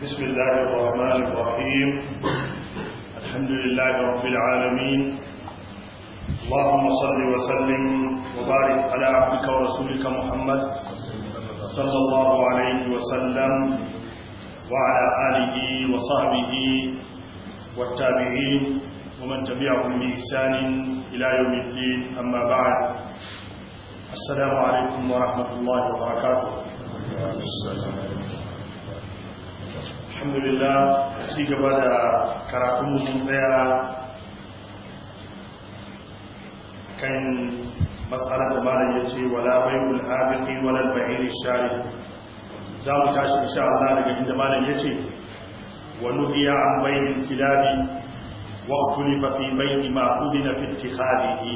بسم الله الرحمن الرحيم الحمد لله رب العالمين اللهم صل وسلم وبارك على عبدك ورسولك محمد صلى الله عليه وسلم وعلى آله وصحبه والتابعين ومن تبعهم بإحسان إلى يوم الدين أما بعد السلام عليكم ورحمة الله وبركاته السلام alhamdulillah ci gaba da karatun mun tsaya kan matsalar da malam ya ce wala bai'ul abiki wala bai'il shari za mu tashi insha Allah daga inda malam ya ce wa nuhiya an bai'il kilabi wa ukhlifa fi bai'i ma udina fi ittikhadihi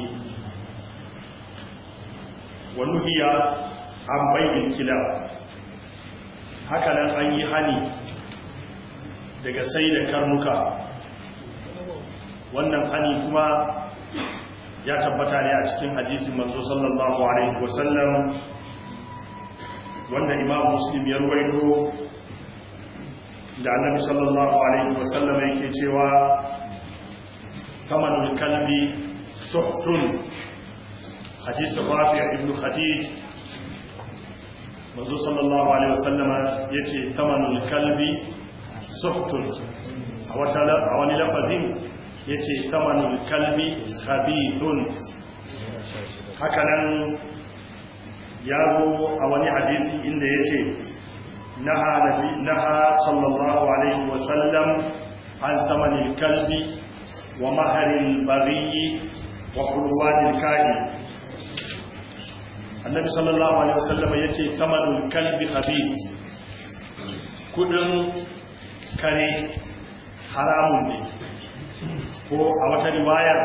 wa nuhiya an bai'il kilab haka nan an yi hani daga sai da karnuka wannan hani kuma ya tabbata ne a cikin hadisin manzo sallallahu alaihi wasallam wanda imam muslim ya ruwaito da annabi sallallahu alaihi wasallam yake cewa kamanul kalbi suhtun hadisin rafi ibn khadij manzo sallallahu alaihi wasallam yace kamanul kalbi suhtun a wani lafazin ya ce samanul kalbi khabithun hakanan ya zo a wani hadisi inda ya ce Na ha sallallahu alaihi wasallam an samanul kalbi wa maharin bariyi wa kurwanin kaji annabi sallallahu alaihi wasallam ya ce samanul kalbi khabith kudin kare haramun ne ko a wata riwayar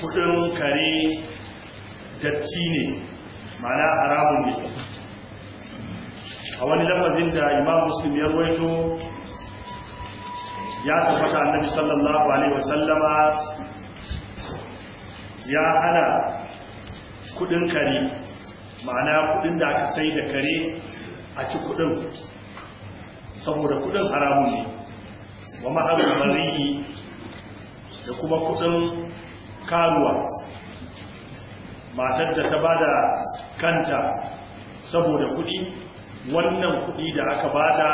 kudin kare datti ne mana haramun ne a wani lafazin da imam muslim ya ruwaito ya tabbata annabi sallallahu alaihi wasallama ya hana kudin kare ma'ana kudin da aka sai da kare a ci kudin saboda kudin haramun ne wa maharun da kuma kudin karuwa matar da ta bada kanta saboda kudi wannan kudi da aka bada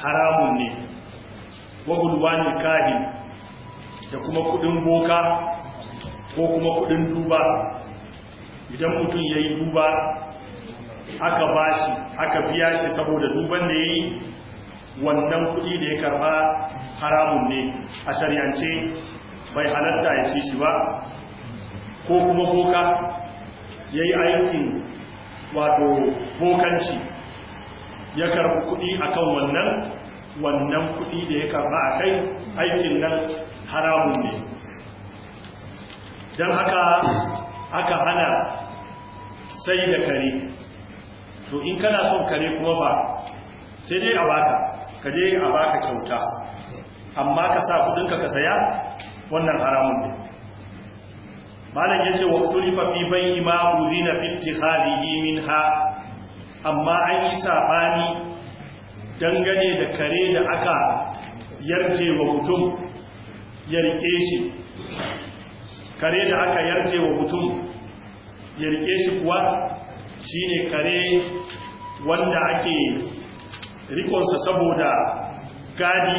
haramun ne wa ne kahin da kuma kudin boka ko kuma kudin duba idan mutum ya yi duba aka bashi aka biya shi saboda duban da ya yi wannan kuɗi da ya karba haramun ne a shari'ance bai halatta ya ci shi ba ko kuma boka ya yi aikin wato bokanci ya karbi kuɗi kan wannan wannan kuɗi da ya karba a kai aikin nan haramun ne don haka aka hana sai da kare to in kana son kare kuma ba sai dai a baka ka je a baka kyauta amma ka sa kudin ka saya wannan haramun ne malam ya ce fa fi bai ma udina fi ittihadihi minha amma an yi sabani dangane da kare da aka yarje wa mutum yarke shi kare da aka yarje wa mutum ya shi kuwa shine kare wanda ake rikonsa saboda gadi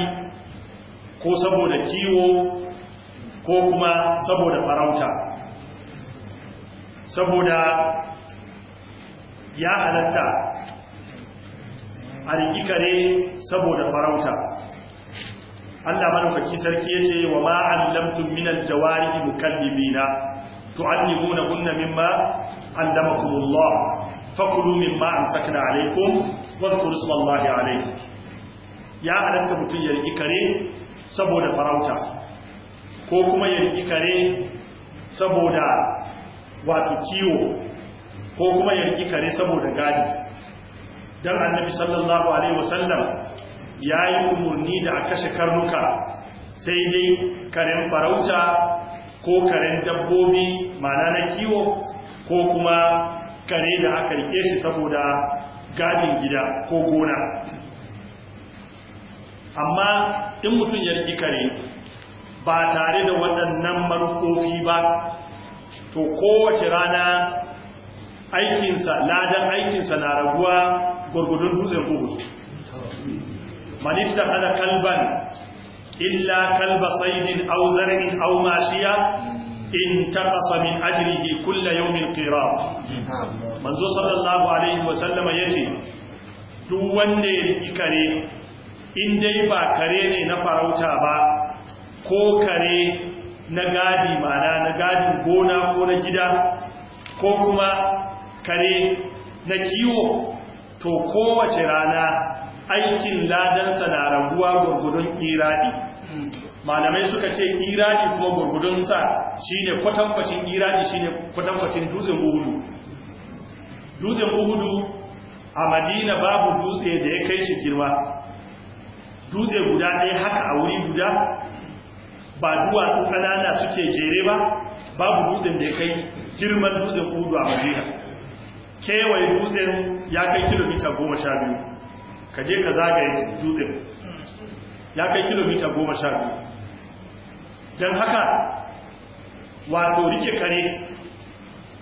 ko saboda kiwo ko kuma saboda farauta saboda ya halatta a riki kare saboda farauta Allah madaukaki sarki ce wa ma'an ma allamtum min an na tu'allimuna kunna mimma allamakumullah fakulu mimma sakina alaikun wadkur a rai ya halatta mutum ya riki kare saboda farauta ko kuma ya riki kare saboda wato kiwo ko kuma ya riki kare saboda gadi Don annabi sallallahu alaihi wasallam yi umurni da a kashe karnuka sai dai karen farauta ko karen dabbobi ma'ana na kiwo ko kuma kare da aka rike shi saboda gadin gida ko gona amma in mutum ya riƙi kare ba tare da waɗannan manufofi ba to kowace rana aikinsa ladan aikinsa na raguwa gwargwadon dutsen buhu manita hada kalban illa kalba saidin auzarin zar'in au In taqasa min ajrihi kulla yawmin qirat manzo sallallahu alaihi wasallama yace duk wanda ya riki kare in dai ba kare ne na farauta ba ko kare na gadi mana na gadi gona ko na gida ko kuma kare na kiwo to kowace rana aikin ladansa na raguwa gurgudun kiradi malamai suka ce Iradi kuma gurgudun sa shine kwatankwacin Iradi shine kwatankwacin dutsen uhudu dutsen uhudu a madina babu dutse da ya kai shi girma dutse guda ɗaya haka a wuri guda ba duwatsu ƙanana suke jere ba babu dutsen da ya kai girman dutsen uhudu a madina kewaye dutsen ya kai kilomita goma sha biyu ka je ka zagaye dutsen ya kai kilomita goma sha biyu don haka wato rike kare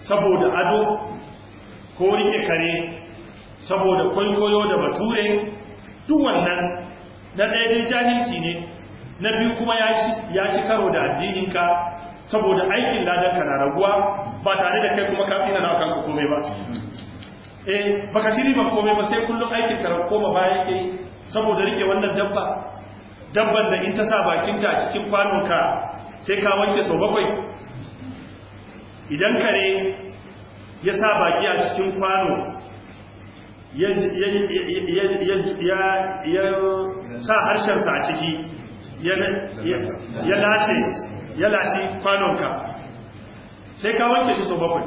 saboda ado ko rike kare saboda kwaikwayo da bature duk wannan na ɗaya dai jahilci ne na biyu kuma ya shi karo da addininka saboda aikin ladanka na raguwa ba tare da kai kuma kafin na kanka komai ba eh baka ci ba komai ba sai kullum aikin karar koma baya ke saboda rike wannan dabba dabban da in ta sa bakinta a cikin kwanonka sai ka wanke sau bakwai idan kare ya sa baki a cikin kwano ya sa harshensa a ciki ya lashe ya lashe kwanonka sai ka wanke shi sau bakwai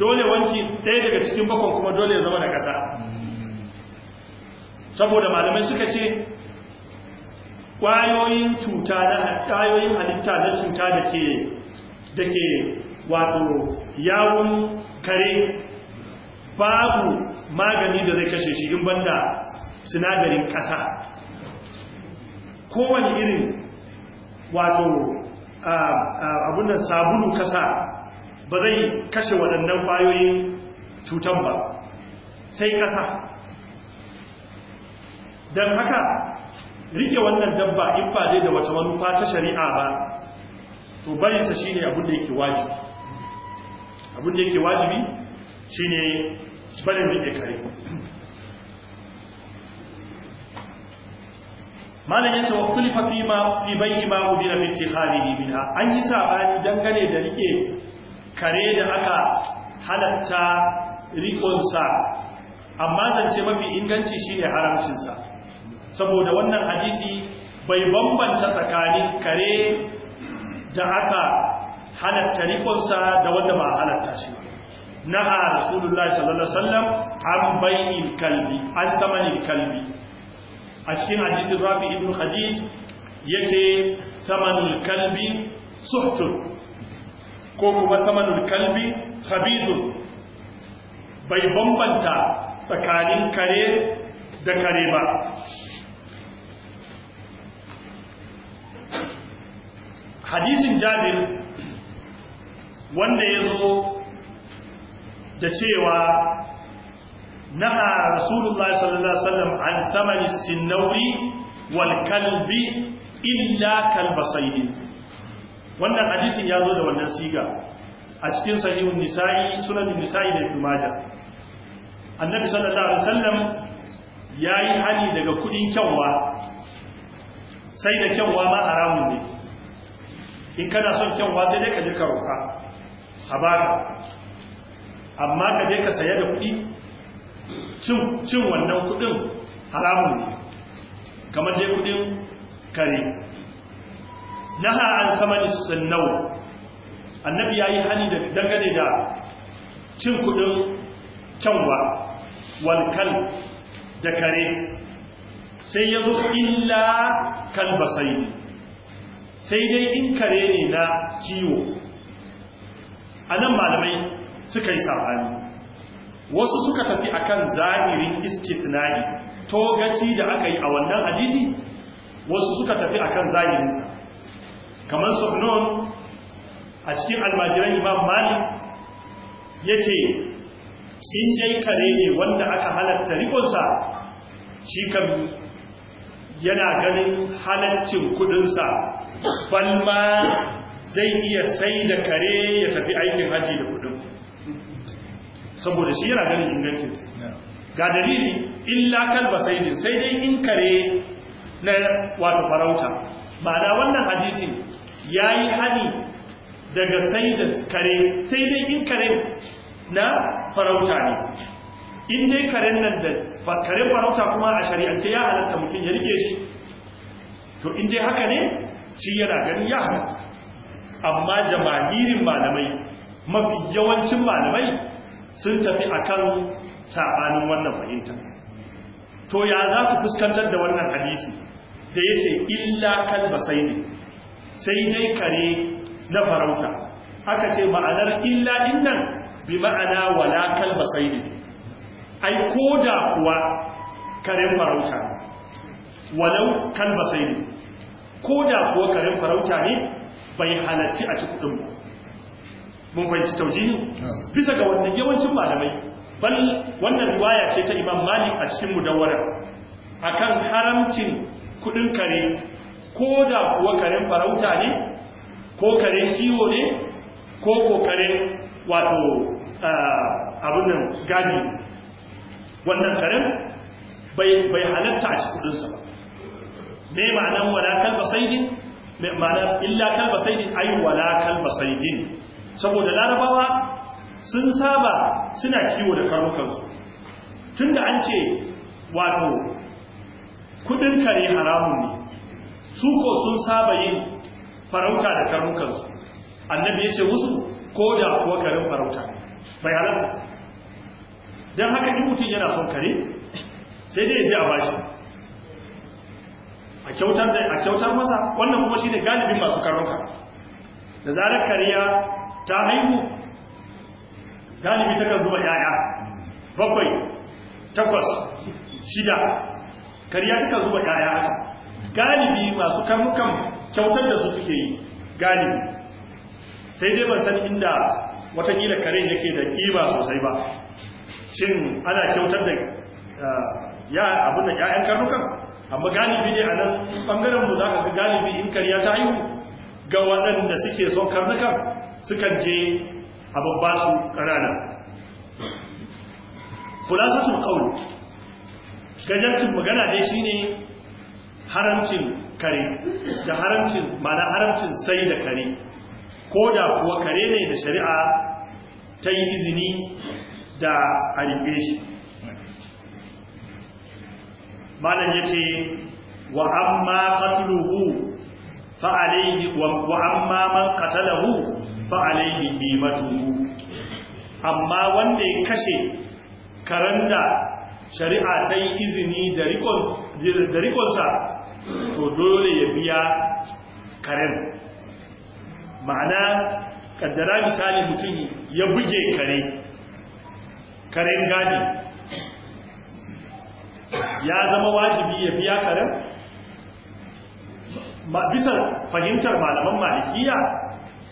dole wanki ɗaya daga cikin bakon kuma dole ya zama da ƙasa saboda malamai suka ce kwayoyin cuta na kwayoyin halitta na cuta da ke da ke wato yawon kare babu magani da zai kashe shi in banda sinadarin ƙasa kowane irin wato abunan sabulu ƙasa ba zai kashe waɗannan kwayoyin cutan ba sai ƙasa don haka rike wannan dabba in ba da wata manufa ta shari'a ba to barinsa shine abin da yake wajibi abin da yake wajibi shine barin rike kare malam yace wa kullu fatima fi bayyi ma udira min ittikharihi minha an yi sabani dangane da rike kare da aka halatta sa amma zance mafi inganci shine sa saboda wannan hadisi bai bambanta tsakanin kare da aka halatta rikonsa da wanda ba halatta shi naha rasulullahi sallallahu alaihi an bainil kalbi an tamanil kalbi a cikin hadisin rabi ibn ya yace samanul kalbi suhtun ko kuma samanul kalbi khabithun bai bambanta tsakanin kare da kare ba hadisin jabir wanda ya zo da cewa naha rasulullahi sallallahu alaihi wasallam an thamani sinnauri wal kalbi illa kalbasaini wannan hadisin ya zo da wannan siga a cikin sahihun nisa'i sunan nisa'i da ibn majah annabi sallallahu alaihi wasallam yayi hani daga kudin kyanwa sai da kyanwa ma haramun ne in kana son kyanwa sai dai ka je ka roƙa a baka amma ka je ka saya da kuɗi cin wannan kuɗin haramun ne kamar dai kuɗin kare naha an samani sannau annabi ya yi hannu da dangane da cin kuɗin kyanwa walkal da kare sai ya zo illa kan kalbasai sai dai in kare ne na kiwo a nan malamai suka yi saɓani wasu suka tafi akan zahirin istitnai gaci da aka yi a wannan hadisi wasu suka tafi akan zahirinsa kamar sufnon a cikin almajiran imam malik ya ce in dai kare ne wanda aka halatta rikonsa shi kan yana ganin halaccin kudinsa balma zai iya sai da kare ya tafi aikin haji da kudin saboda shi yana ganin ingancin ga dalili illa kalba saidin sai dai in kare na wato farauta ma'ana wannan hadisin ya yi hani daga sai da kare sai dai in kare na farauta ne in dai karen nan da karen farauta kuma a shari'ance ya halatta mutum ya rike shi to in dai haka ne shi yana ganin ya halatta amma jama'irin malamai mafi yawancin malamai sun tafi a kan sabanin wannan fahimta to ya za ku fuskantar da wannan hadisi da ya ce illa kalba sai ne sai dai kare na farauta aka ce ma'anar illa dinnan bi ma'ana wala kalba sai ne ai ko da kuwa karen farauta walau kalba sai ne ko da kuwa karen farauta ne bai halarci a cikin ba mun fahimci taujihi bisa ga wannan yawancin malamai bal wannan riwaya ce ta imam malik a cikin mudawwara akan haramcin kudin kare ko da kuwa karen farauta ne ko karen kiwo ne ko ko karen wato ah, abin nan gadi wannan karen bai halatta a cikinsa ba me ma'anan wala kalba saidin ma'anar illa kalba saidin ayi wala kalba saidin saboda larabawa sun saba suna kiwo da karnukansu tunda an ce wato kudin kare haramun ne su ko sun saba yin farauta da karnukansu annabi ya ce musu ko da kuwa karin farauta bai don haka in mutum yana son kare sai dai ya je a bashi a kyautar da a kyautar masa wannan kuma shine galibin masu karnuka da zarar kariya ta haihu galibi takan zuba yaya bakwai takwas shida kariya takan zuba yaya haka galibi masu karnukan kyautar da su suke yi galibi sai dai ban san inda watakila karen yake da kiba sosai ba shin ana kyautar da uh, ya abin da ya'yan karnukan amma galibi ne a nan bangaren mu ka ga galibi in karya ta haihu ga waɗanda suke son karnukan sukan je a babba su ƙanana khulasatul gajancin magana dai shine haramcin kare da haramcin mana haramcin sai da kare ko da kuwa kare ne da shari'a ta yi izini da a shi malam ya ce wa amma qatluhu fa wa amma man qatalahu fa ne matuhu amma wanda ya kashe karanda shari'a ta yi izini da rikonsa to dole ya biya karen ma'ana ƙaddara misali mutum ya buge kare karen gadi ya zama wajibi ya biya karen bisa fahimtar malaman malikiya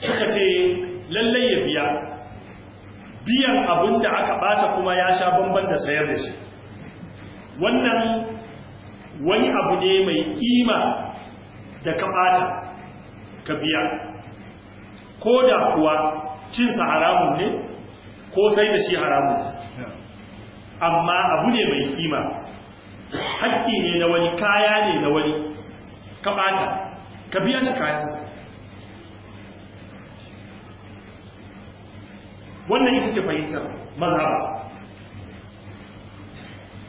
suka ce lallai ya biya biyan abin da aka bata kuma ya sha bamban da sayar da shi wannan wani abu ne mai kima da ka bata ka biya ko da kuwa cinsa haramun ne ko sai da shi haramun amma abu ne mai kima hakki ne na wani kaya ne na wani ka bata ka biya shi kayansa wannan ita ce fahimtar mazhaba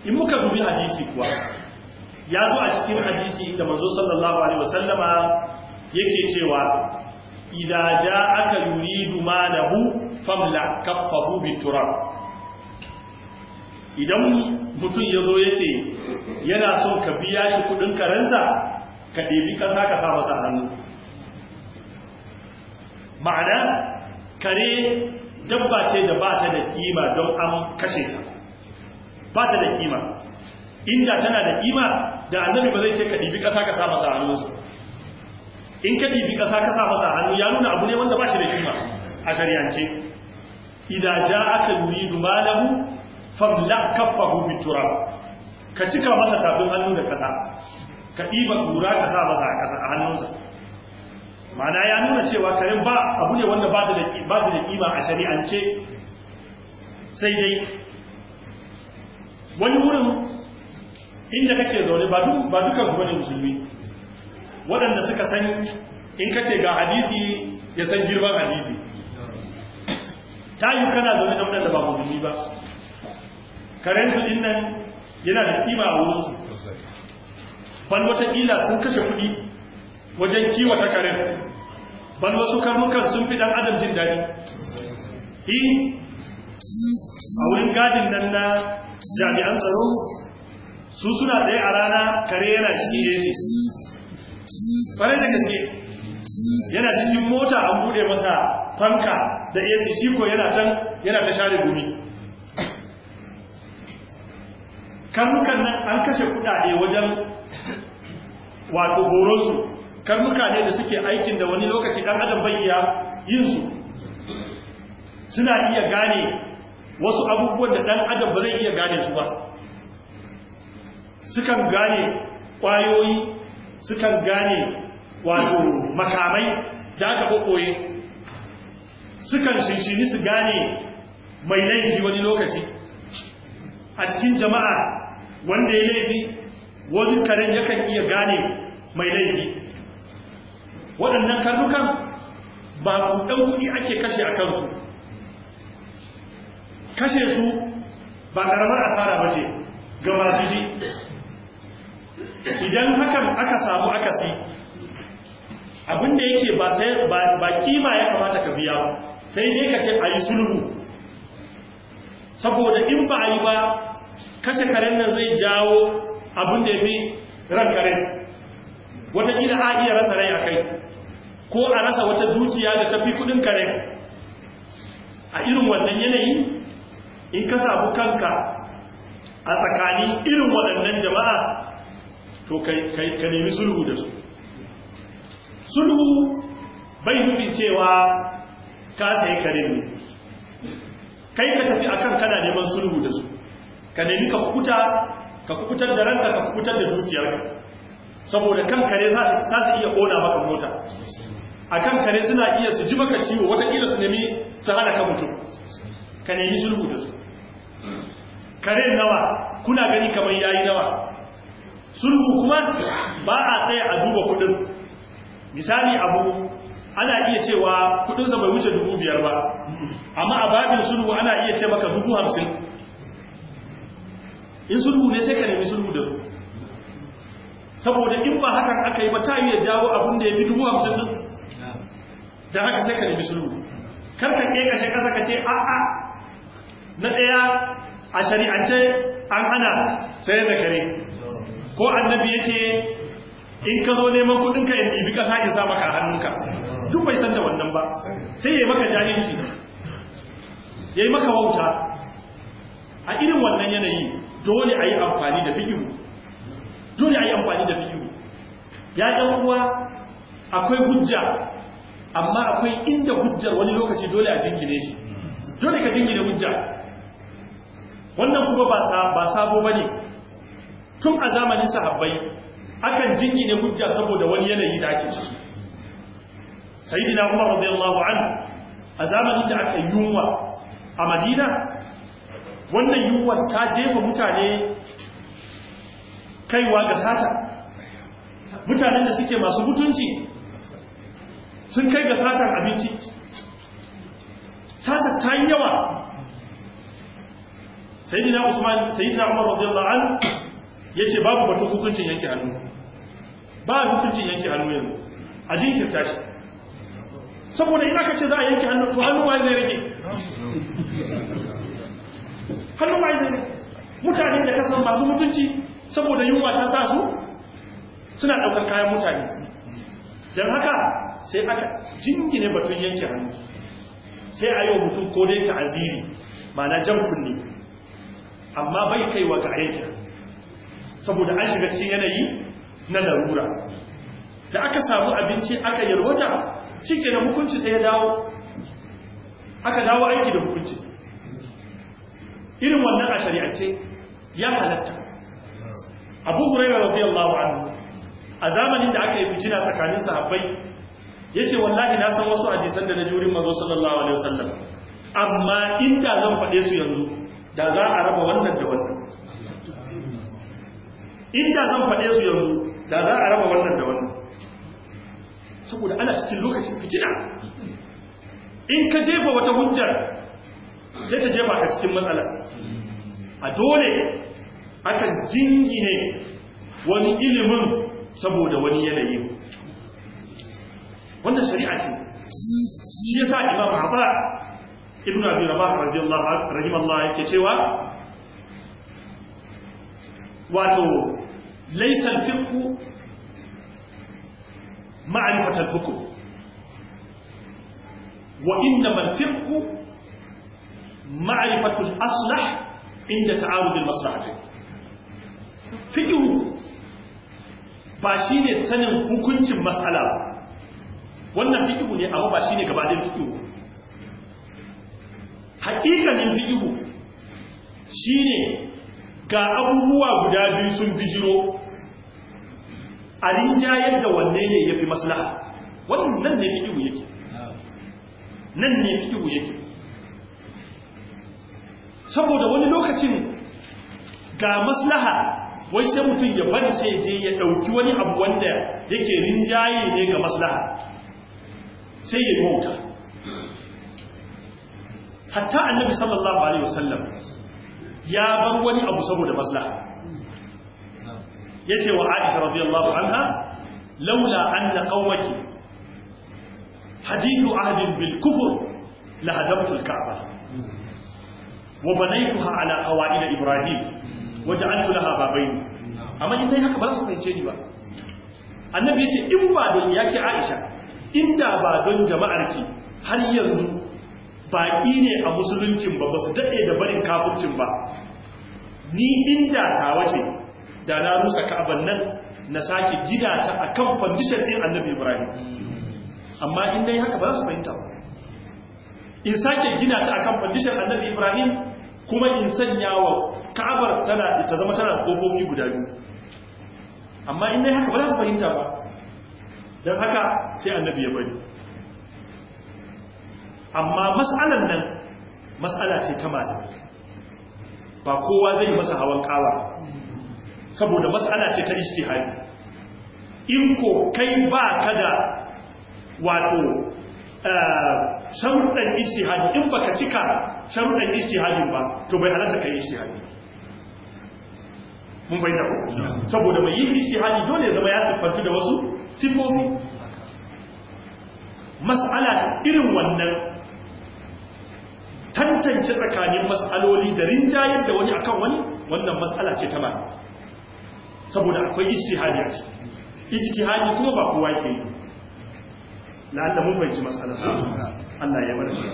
in muka dubi hadisi kuwa ya zo a cikin hadisi inda manzo sallallahu alaihi wasallama yake cewa idza ja'aka yuridu malahu famla kaffahu biturab idan mutum ya zo ya ce yana son ka biya shi kudin karensa ka ɗebi ƙasa ka sa masa hannu ma'ana kare dabba ce da ba ta da ƙima don an kashe ta ba ta da ƙima inda tana da ƙima da annabi ba zai ce ka ɗebi ƙasa ka sa masa su. in ka ɗebi ƙasa ka sa masa hannu ya nuna abu ne wanda ba shi da ƙima a shari'ance idan ja aka yuri dumalahu famla kaffahu biturab ka cika masa tafin hannu da kasa ka ɗiba kura ka sa masa a kasa a hannunsa mana ya nuna cewa karin ba abu ne wanda ba su da ƙima a shari'ance sai dai wani wurin inda kake zaune ba duka su bane musulmi waɗanda suka san in ka ga hadisi ya san girman hadisi ta yi kana zaune da waɗanda ba musulmi ba karen din nan yana da kima a wurin su ban wata kila sun kashe kuɗi wajen kiwata karen ban wasu karnukan sun fi dan adam jin daɗi in a wurin gadin nan na jami'an tsaro su suna ɗaya a rana kare yana shi ne. ƙwarai da gaske yana cikin mota an buɗe masa fanka da ac shi ko yana can yana ta share gumi karnukan nan an kashe kudade wajen wato horonsu karnuka ne da suke aikin da wani lokaci dan adam bai iya yin su suna iya gane wasu abubuwan da ɗan adam ba zai iya gane su ba sukan gane kwayoyi sukan gane wato makamai da aka kokoye sukan shinshini su gane mai laifi wani lokaci a cikin jama'a wanda ya laifi wani karen yakan iya gane mai laifi waɗannan karnukan ba ɗan kuɗi ake kashe a kansu kashe su ba ƙaramar asara ba ce ga masu idan hakan aka samu akasi abinda yake ba kima ya kamata ka biya sai dai ka ce a yi sulhu saboda in ba a yi ba kashe karen nan zai jawo abin da ya fi ran karen watakila a iya rasa rai a kai ko a rasa wata dukiya da tafi kudin karen a irin wannan yanayi in ka samu kanka a tsakani irin waɗannan jama'a to ka nemi sulhu da su sulhu bai nufin cewa ka sai kare ne kai ka tafi akan kana neman sulhu da su ka nemi ka kuta ka kukutar da ranka ka kukutar da dukiyarka saboda kan kare za su iya ƙona maka mota a kan kare suna iya su ji maka ciwo watakila su nemi su hana ka mutum ka nemi sulhu da su kare nawa kuna gani kamar yayi nawa sulhu kuma ba a tsaya a duba kudin misali abu ana iya cewa sa bai wuce dubu biyar ba amma a babin sulhu ana iya ce maka dubu hamsin in sulhu ne sai ka nemi sulhu da ku saboda in ba hakan aka yi ba ta yi ya jawo abin da ya fi dubu hamsin din don haka sai ka nemi sulhu kar ka ke kashe kasa ka ce a'a na ɗaya a shari'ance an hana sai da kare ko annabi ya ce in ka zo neman kuɗinka in ɗibi ƙasa in sa maka hannunka duk bai san da wannan ba sai ya yi maka jahilci ya yi maka wauta a irin wannan yanayi dole a yi amfani da fikiru dole a yi amfani da fikiru ya ɗan akwai hujja amma akwai inda hujjar wani lokaci dole a jingine shi dole ka jingine hujja wannan kuma ba sabo ba ne tun a zamanin sahabbai akan jingine hujja saboda wani yanayi da ake ciki Sa'idina umar radiyallahu anhu a zamanin da aka yunwa a madina wannan yiwuwar ta jefa mutane kaiwa ga sata mutanen da suke masu mutunci sun kai ga satar abinci satar ta yi yawa sayidina usman sayidina umar radiyallahu an ce babu batun hukuncin yanke hannu ba hukuncin yanke hannu yanzu a jinkirta shi saboda ina aka ce za a yanke hannu to hannu wani zai rage hannun waye ne mutane da kasan masu mutunci saboda yunwa ta sa su suna daukar kayan mutane don haka sai aka jingine batun yanke hannu sai a yi wa mutum ko dai ta'aziri ma'ana jan kunne amma bai kaiwa ga yanke saboda an shiga cikin yanayi na larura da aka samu abinci aka yarwata cike da hukunci sai ya dawo aka dawo aiki da hukunci irin wannan a shari'ance ya halatta abu hurairah radiyallahu anhu a zamanin da aka yi fitina tsakanin sahabbai yace wallahi na san wasu hadisan da na jurin manzo sallallahu alaihi wasallam amma inda zan faɗe su yanzu da za a raba wannan da wannan inda zan faɗe su yanzu da za a raba wannan da wannan saboda ana cikin lokacin fitina in ka jefa wata hujjar sai ta jefa ka cikin matsala a dole aka jingine wani ilimin saboda wani yanayi wannan shari'a ce shi sa imam hafa ibn abi rabah radiyallahu rahimahullah yake cewa wato laysa al-fiqh ma'rifat al-hukm wa innama al-fiqh ma'rifatu al-aslah inda ta'arudul maslahatain fiqhu ba shi ne sanin hukuncin mas'ala wannan fiqhu ne amma ba shi ne gaba da Haƙiƙanin hakikanin shi ne ga abubuwa guda biyu sun bijiro a rinjayar da wanne ne ya fi maslaha wannan ne fiqhu yake nan ne fiqhu yake saboda wani lokacin ga maslaha wai sai mutum ya bari sai je ya ɗauki wani abu wanda yake rinjaye ne ga maslaha sai ya mauta hatta annabi sallallahu alaihi wasallam ya bar wani abu saboda maslaha yace wa Aisha radiyallahu anha laula anna qaumaki hadithu ahdin bil kufr la hadamtu al-ka'bah wa banaytuha ala qawaid ibrahim wa ja'altu laha babayn amma in dai haka ba su fahimce ni ba annabi yace in ba don yake aisha da ba don jama'ar ki har yanzu baƙi ne a musuluncin ba ba su daɗe da barin kafircin ba ni inda ta wace da na rusa ka'aban nan na sake gidata ta akan fandishin ɗin annabi ibrahim amma in dai haka ba za su fahimta ba in sake gina ta a kan fandishin annabi ibrahim kuma in sanya wa ka'abar tana ta zama tana kofofi guda biyu amma in dai haka ba za su fahimta ba don haka sai annabi ya bari amma mas'alan nan mas'ala ce ta malami ba kowa zai yi masa hawan kawa saboda mas'ala ce ta ijtihadi in ko kai ba ka da wato Eh, sharuɗan ijtihadi in baka cika sharuɗan ijtihadin ba to bai halatta kai ijtihadi mun bai da saboda mai yin ijtihadi dole ya zama ya siffantu da wasu sifofi mas'ala irin wannan tantance tsakanin mas'aloli da rinjayen, da wani akan wani wannan mas'ala ce ta ba saboda akwai ijtihadi a ciki ijtihadi kuma ba kowa yake yi na Allah mun fahimci matsalar Allah ya mana shi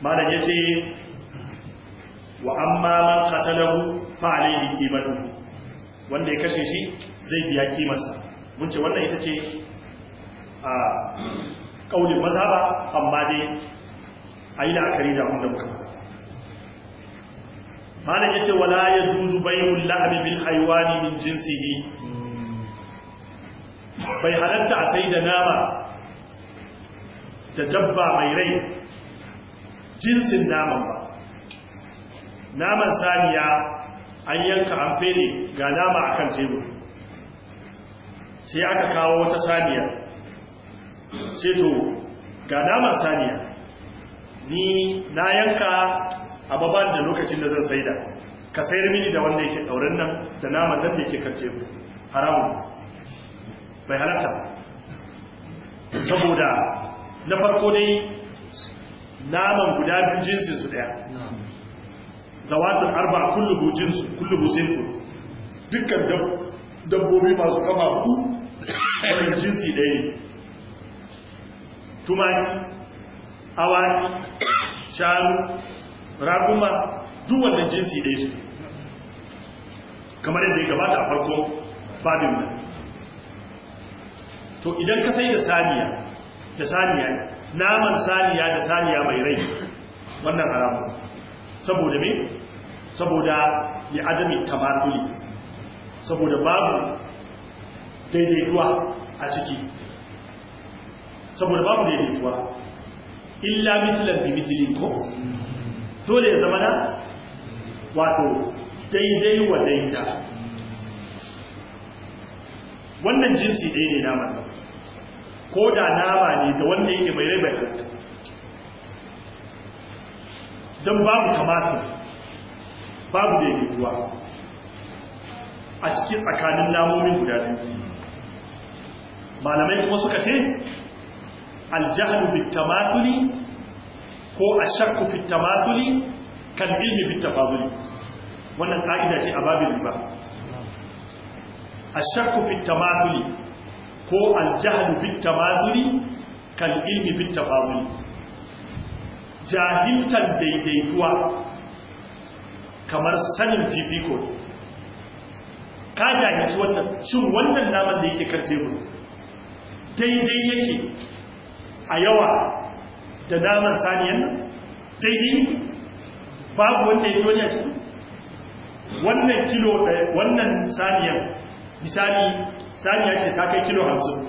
malam ya ce wa amma man qatalahu fa alayhi qimatu wanda ya kashe shi zai biya kimarsa mun ce wannan ita ce a kaulin mazhaba amma dai ayi la'akari da da muka malam ya ce wala yajuzu bay'ul la'abi bil haywani min jinsihi bai halatta a sai da nama da dabba mai rai jinsin naman ba naman saniya an yanka an fere ga nama a kan tebur sai aka kawo wata saniya sai to ga naman saniya ni na yanka a babban da lokacin da zan saida ka sayar mini da wanda yake daurin nan da naman nan da yake kan tebur haramun bai halatta saboda na farko dai naman guda biyu jinsin su daya arba kulluhu jinsu dukkan dabbobi masu kama ku wannan jinsi daya ne awani shanu raguma duk wannan jinsi daya su kamar yadda ya gabata a farko babin nan to idan ka sai da saniya da saniya naman saniya da saniya mai rai wannan haramun saboda me saboda ya adami tamatuli saboda babu daidaituwa a ciki saboda babu daidaituwa illa mithlan bi mithlin ko dole ya zama na wato daidai wa daidai wannan jinsi ɗaya ne naman ko da nama ne da wanda yake mai rai bai halatta don babu tamasin babu da yake a cikin tsakanin namomin guda biyu malamai kuma suka ce aljahlu bitamatuli ko ashakku fitamatuli kan ilmi bitafazuli wannan ka'ida ce a babin riba ashakku fitamatuli ko aljahlu bit tamaduli kal ilmi bit tafawuli jahiltan daidaituwa kamar sanin fifiko ka jahilci wannan shin wannan naman da yake kan mu daidai yake a yawa da naman saniyan nan daidai babu wanda ya doya a ciki wannan kilo ɗaya wannan saniyan misali saniya ce ta kai kilo hamsin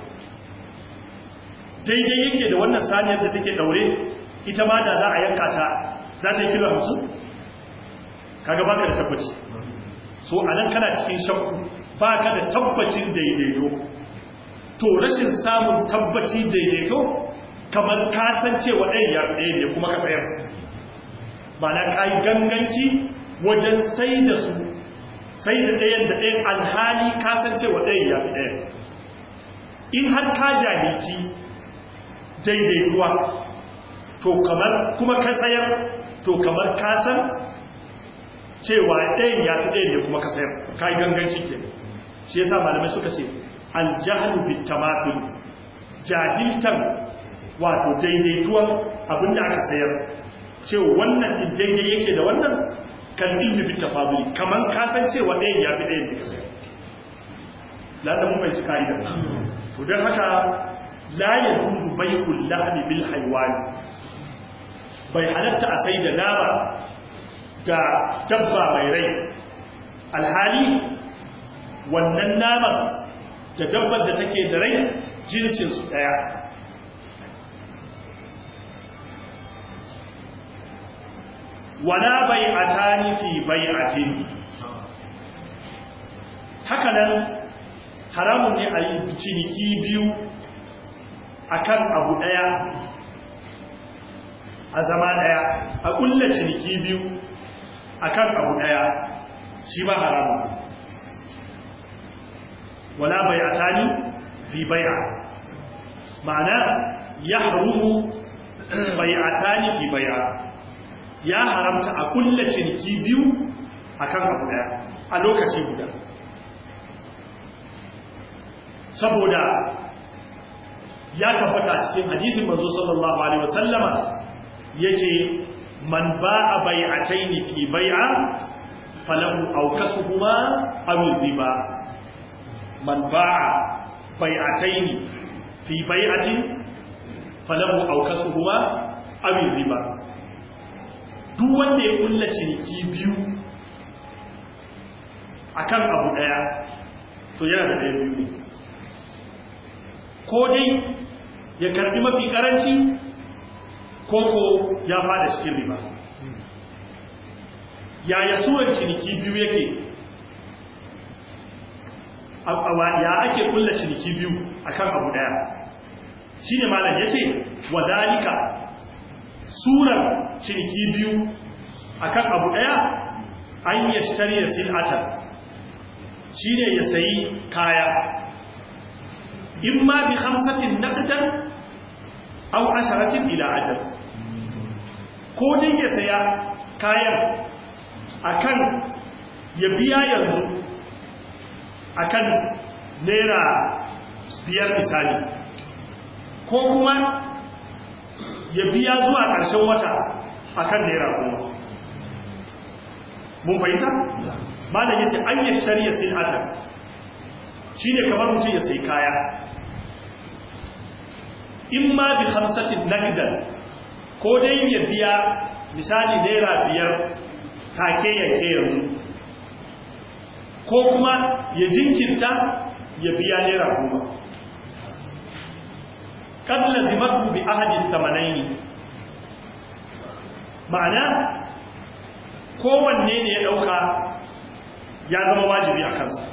daidai yake da wannan saniyar da take daure ita ma da za a yanka ta za ta yi kilo hamsin kaga ba ka da tabbaci so a nan kana cikin shakku ba ka da tabbacin daidaito to rashin samun tabbaci daidaito kamar cewa ɗaya ya ɗaya ne kuma ka tsayar ba na ka yi ganganci wajen sai da su sai da ɗayan da ɗayan alhali kasancewa ɗayan ya fi ɗayan in har ka jahilci daidaituwa to kamar kuma ka sayar to kamar kasan cewa ɗayan ya fi ɗayan ne kuma ka sayar ka yi ganganci ke shi yasa malamai suka ce aljahalu bi tamafin jahiltan wato daidaituwa, abin da aka sayar ce wannan daidai yake da wannan kan ilmi bi tafaduli kaman kasancewa ɗaya ya fi ɗaya da kasai ladan mun bai ci ka'idar to don haka la bai bai'ul lahmi bil haywani bai halatta a sai da nama ga dabba mai rai alhali wannan naman da dabbar da take da rai jinsinsu ɗaya wala bai a tani fi bai a jini hakanan haramun ne a yi ciniki biyu a kan abu ɗaya a zama ɗaya a ƙulla ciniki biyu a kan abu ɗaya shi ba haramun wala bai a tani fi bai ma'ana ya haruhu bai a tani fi ya haramta a kulle ciniki biyu a kan abu daya a lokaci guda saboda ya tabbata cikin hadisin manzo sallallahu alaihi wasallama yace man ba'a bai'ataini fi bai'a falahu awkasuhuma aw riba man ba'a bai'ataini fi bai'atin falahu awkasuhuma aw riba duk wanda ya kulla ciniki biyu kan abu daya to yana da ɗaya biyu ne ko dai ya karbi mafi karanci ko ko ya fada cikin riba Ya suran ciniki biyu yake ya ake kulla ciniki biyu akan abu daya shine malam yace wadalika surar ciniki biyu a kan abu ɗaya an yi yashtari da shi ne ya sayi kaya In ma bi hamsatin na naqdan aw asharatin ila ko ne ya saya kayan a kan ya biya yanzu kan naira biyar misali ko kuma ya biya zuwa ƙarshen wata a kan naira goma mun fahimta? ba da ce an yi shari'a sin ajar shi ne kamar mutum ya sai kaya in ma bi hamsacin nakdal ko dai ya biya misali naira biyar take yanke yanzu ko kuma ya jinkirta ya biya naira goma kabla zimatu bi ahadin samanaini ma'ana kowanne ne ya ɗauka ya zama wajibi a kansa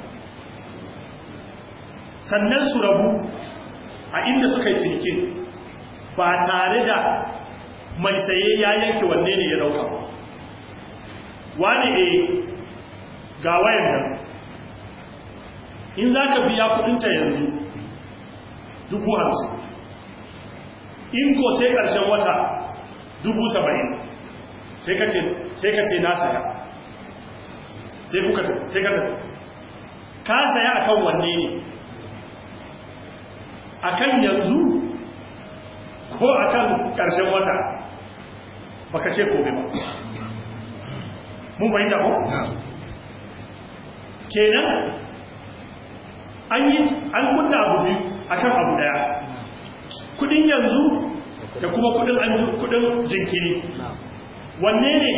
sannan su rabu a inda suka yi cinikin ba tare da mai saye ya yanke wanne ne ya dauka wani e ga wayan nan in za ka biya kudinta yanzu dubu hamsin in ko sai ƙarshen wata dubu saba'in sai ka ce na saya sai kuka sai ka tafi ka saya a kan wanne ne a kan yanzu ko a kan ƙarshen wata baka ce kome ba mun bayin da ko? kenan an yi an kunna abu biyu a kan abu daya kudin yanzu da kuma kudin jinkiri wanne ne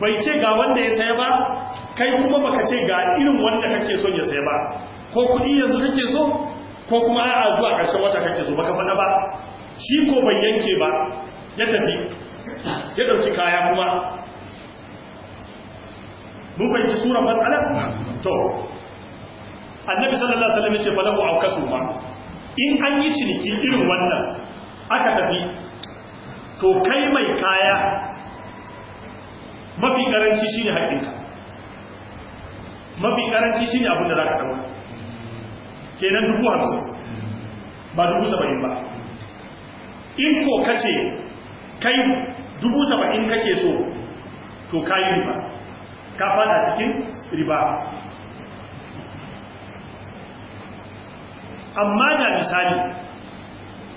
bai ce ga wanda ya saya ba kai kuma baka ce ga irin wanda kake son ya saya ba ko kudi yanzu kake so ko kuma a zuwa ƙarshen wata kake so baka faɗa ba shi ko bai yanke ba ya tafi ya ɗauki kaya kuma mun fahimci suran matsalar to annabi sallallahu alaihi wasallam ya ce falahu aukasu ma in an yi ciniki irin wannan aka tafi to kai mai kaya mafi karanci ne haƙinka mafi karanci ne abin da za ka ɗauka kenan dubu hamsin ba dubu saba'in ba in ko kace kai dubu saba'in kake so to kayi riba ka fada cikin riba amma ga misali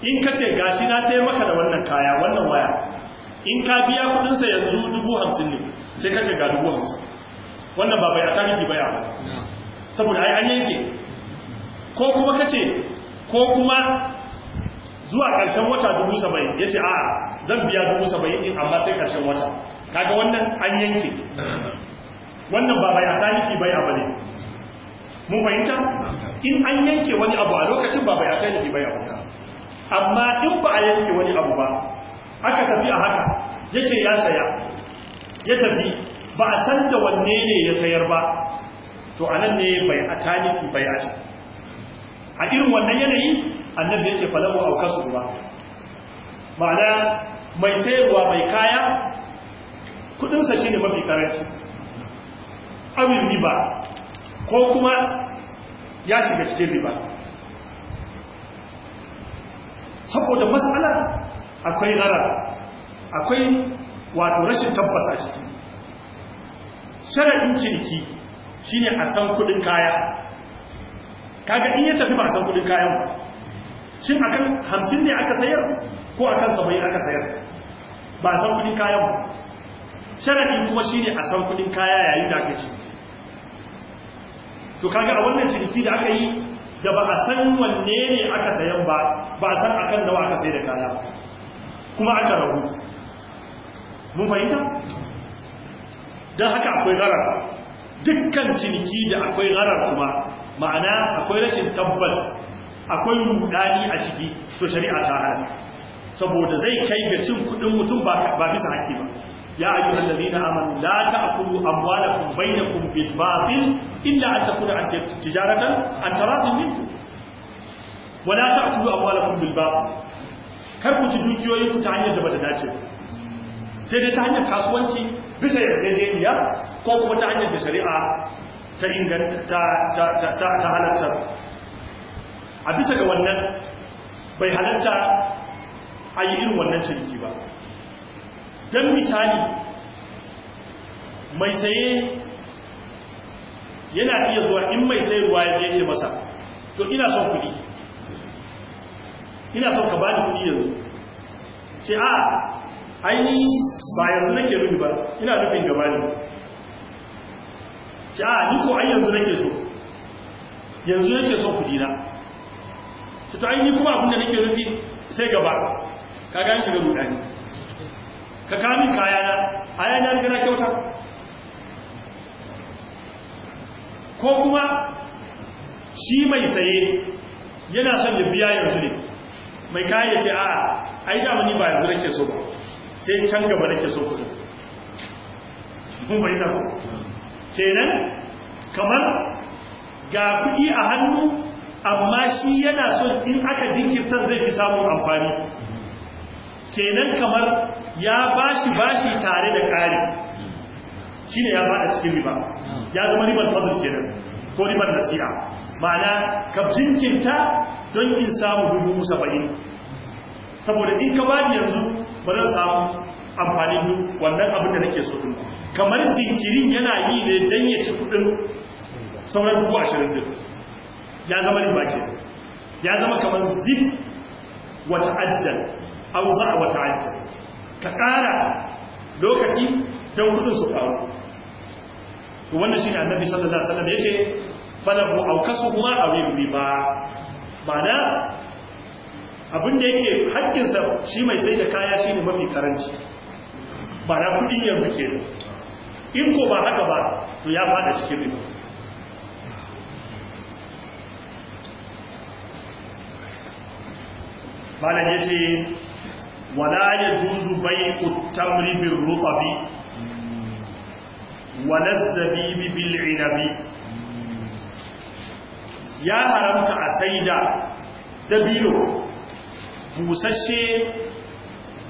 in ka ce gashi na sai maka da wannan kaya wannan waya in ka biya kudinsa yanzu dubu hamsin ne sai ka ce ga dubu hamsin wannan ba bai a tarihi ba baya saboda ai an yanke ko kuma ka ce ko kuma zuwa ƙarshen wata dubu saba'in ya ce a zan biya dubu saba'in din amma sai ƙarshen wata kaga wannan an yanke wannan ba bai a tarihi ba baya ba ne Mu fahimta in an yanke wani abu a lokacin ba bai aka nufi ba ya amma in ba a yanke wani abu ba aka tafi a haka ya ce ya saya ya tafi ba a san da wanne ne ya sayar ba to anan ne bai a taniki bai a a irin wannan yanayi annabi ya ce a aukasu ba ma'ana mai sayarwa mai kaya kudinsa shi ne mafi karanci abin riba ko kuma ya shiga cikin riba saboda matsala akwai gara akwai wato rashin tabbas a ciki sharaɗin ciniki shine a san kudin kaya kaga in ya tafi ba a san kudin kayan ba shin akan hamsin ne aka sayar ko akan saba'in aka sayar ba a san kudin kayan ba sharaɗi kuma shine a san kudin kaya yayin da aka ciniki to kaga a wannan ciniki da aka yi da ba a san wanne ne aka sayan ba ba a san akan nawa aka sayar da kaya kuma aka rabu mun fahimta don haka akwai gharar dukkan ciniki da akwai gharar kuma ma'ana akwai rashin tabbas akwai rudani a ciki to shari'a ta hana saboda zai kai ga cin kudin mutum ba bisa haƙƙi ba يا أيها الذين آمنوا لا تأكلوا أموالكم بينكم بالباطل إلا أن تكون تجارة عن تراض منكم ولا تأكلوا أموالكم بالباطل كم تدوكيوا يكون تعني دبا دناتي sai dai ta hanyar kasuwanci bisa yarjejeniya ko kuma ta hanyar da shari'a ta halarta, ta a bisa ga wannan bai a yi irin wannan ciniki ba don misali mai saye yana iya zuwa in mai sayarwa ya ce masa to ina son kudi ina son ka bani kudi yanzu ce a ainihi ba yanzu nake rubi ba ina nufin gaba ne ce a ni ko ai yanzu nake so yanzu nake son kudi na ce to ainihi kuma abinda nake rufi sai gaba ka gani shiga rudani ka kamin kayana a yana riga na kyauta ko kuma shi mai saye yana son ya biya yanzu ne mai kayan ya ce a a yi ni ba yanzu ke so ba sai can gaba ke so kusa mun bai da kenan kamar ga kuɗi a hannu amma shi yana son in aka jinkirtar zai fi samun amfani kenan kamar ya bashi bashi tare da ƙari shi ne ya fada cikin riba ya zama ribar fadl kenan ko ribar nasiya ma'ana ka kinta don in samu dubu bayin saboda in ka bani yanzu ba zan samu amfanin wannan abin da nake so din kamar jinkirin yana yi ne don ya ci kudin sauran dubu ashirin din ya zama riba ke ya zama kamar zip wata ajal auza wata ta'adda ka ƙara lokaci don kudin su ƙaru to wannan shine annabi sallallahu alaihi wasallam yace falahu a aw riba mana abin da yake haƙƙinsa shi mai sai da kaya shi ne mafi karanci ba na kuɗi yanzu ke in ko ba haka ba to ya fada cikin riba malam ya ce wala yajuzu bai'u tamri bil rutabi wala zabibi bil inabi ya haramta a saida dabino busasshe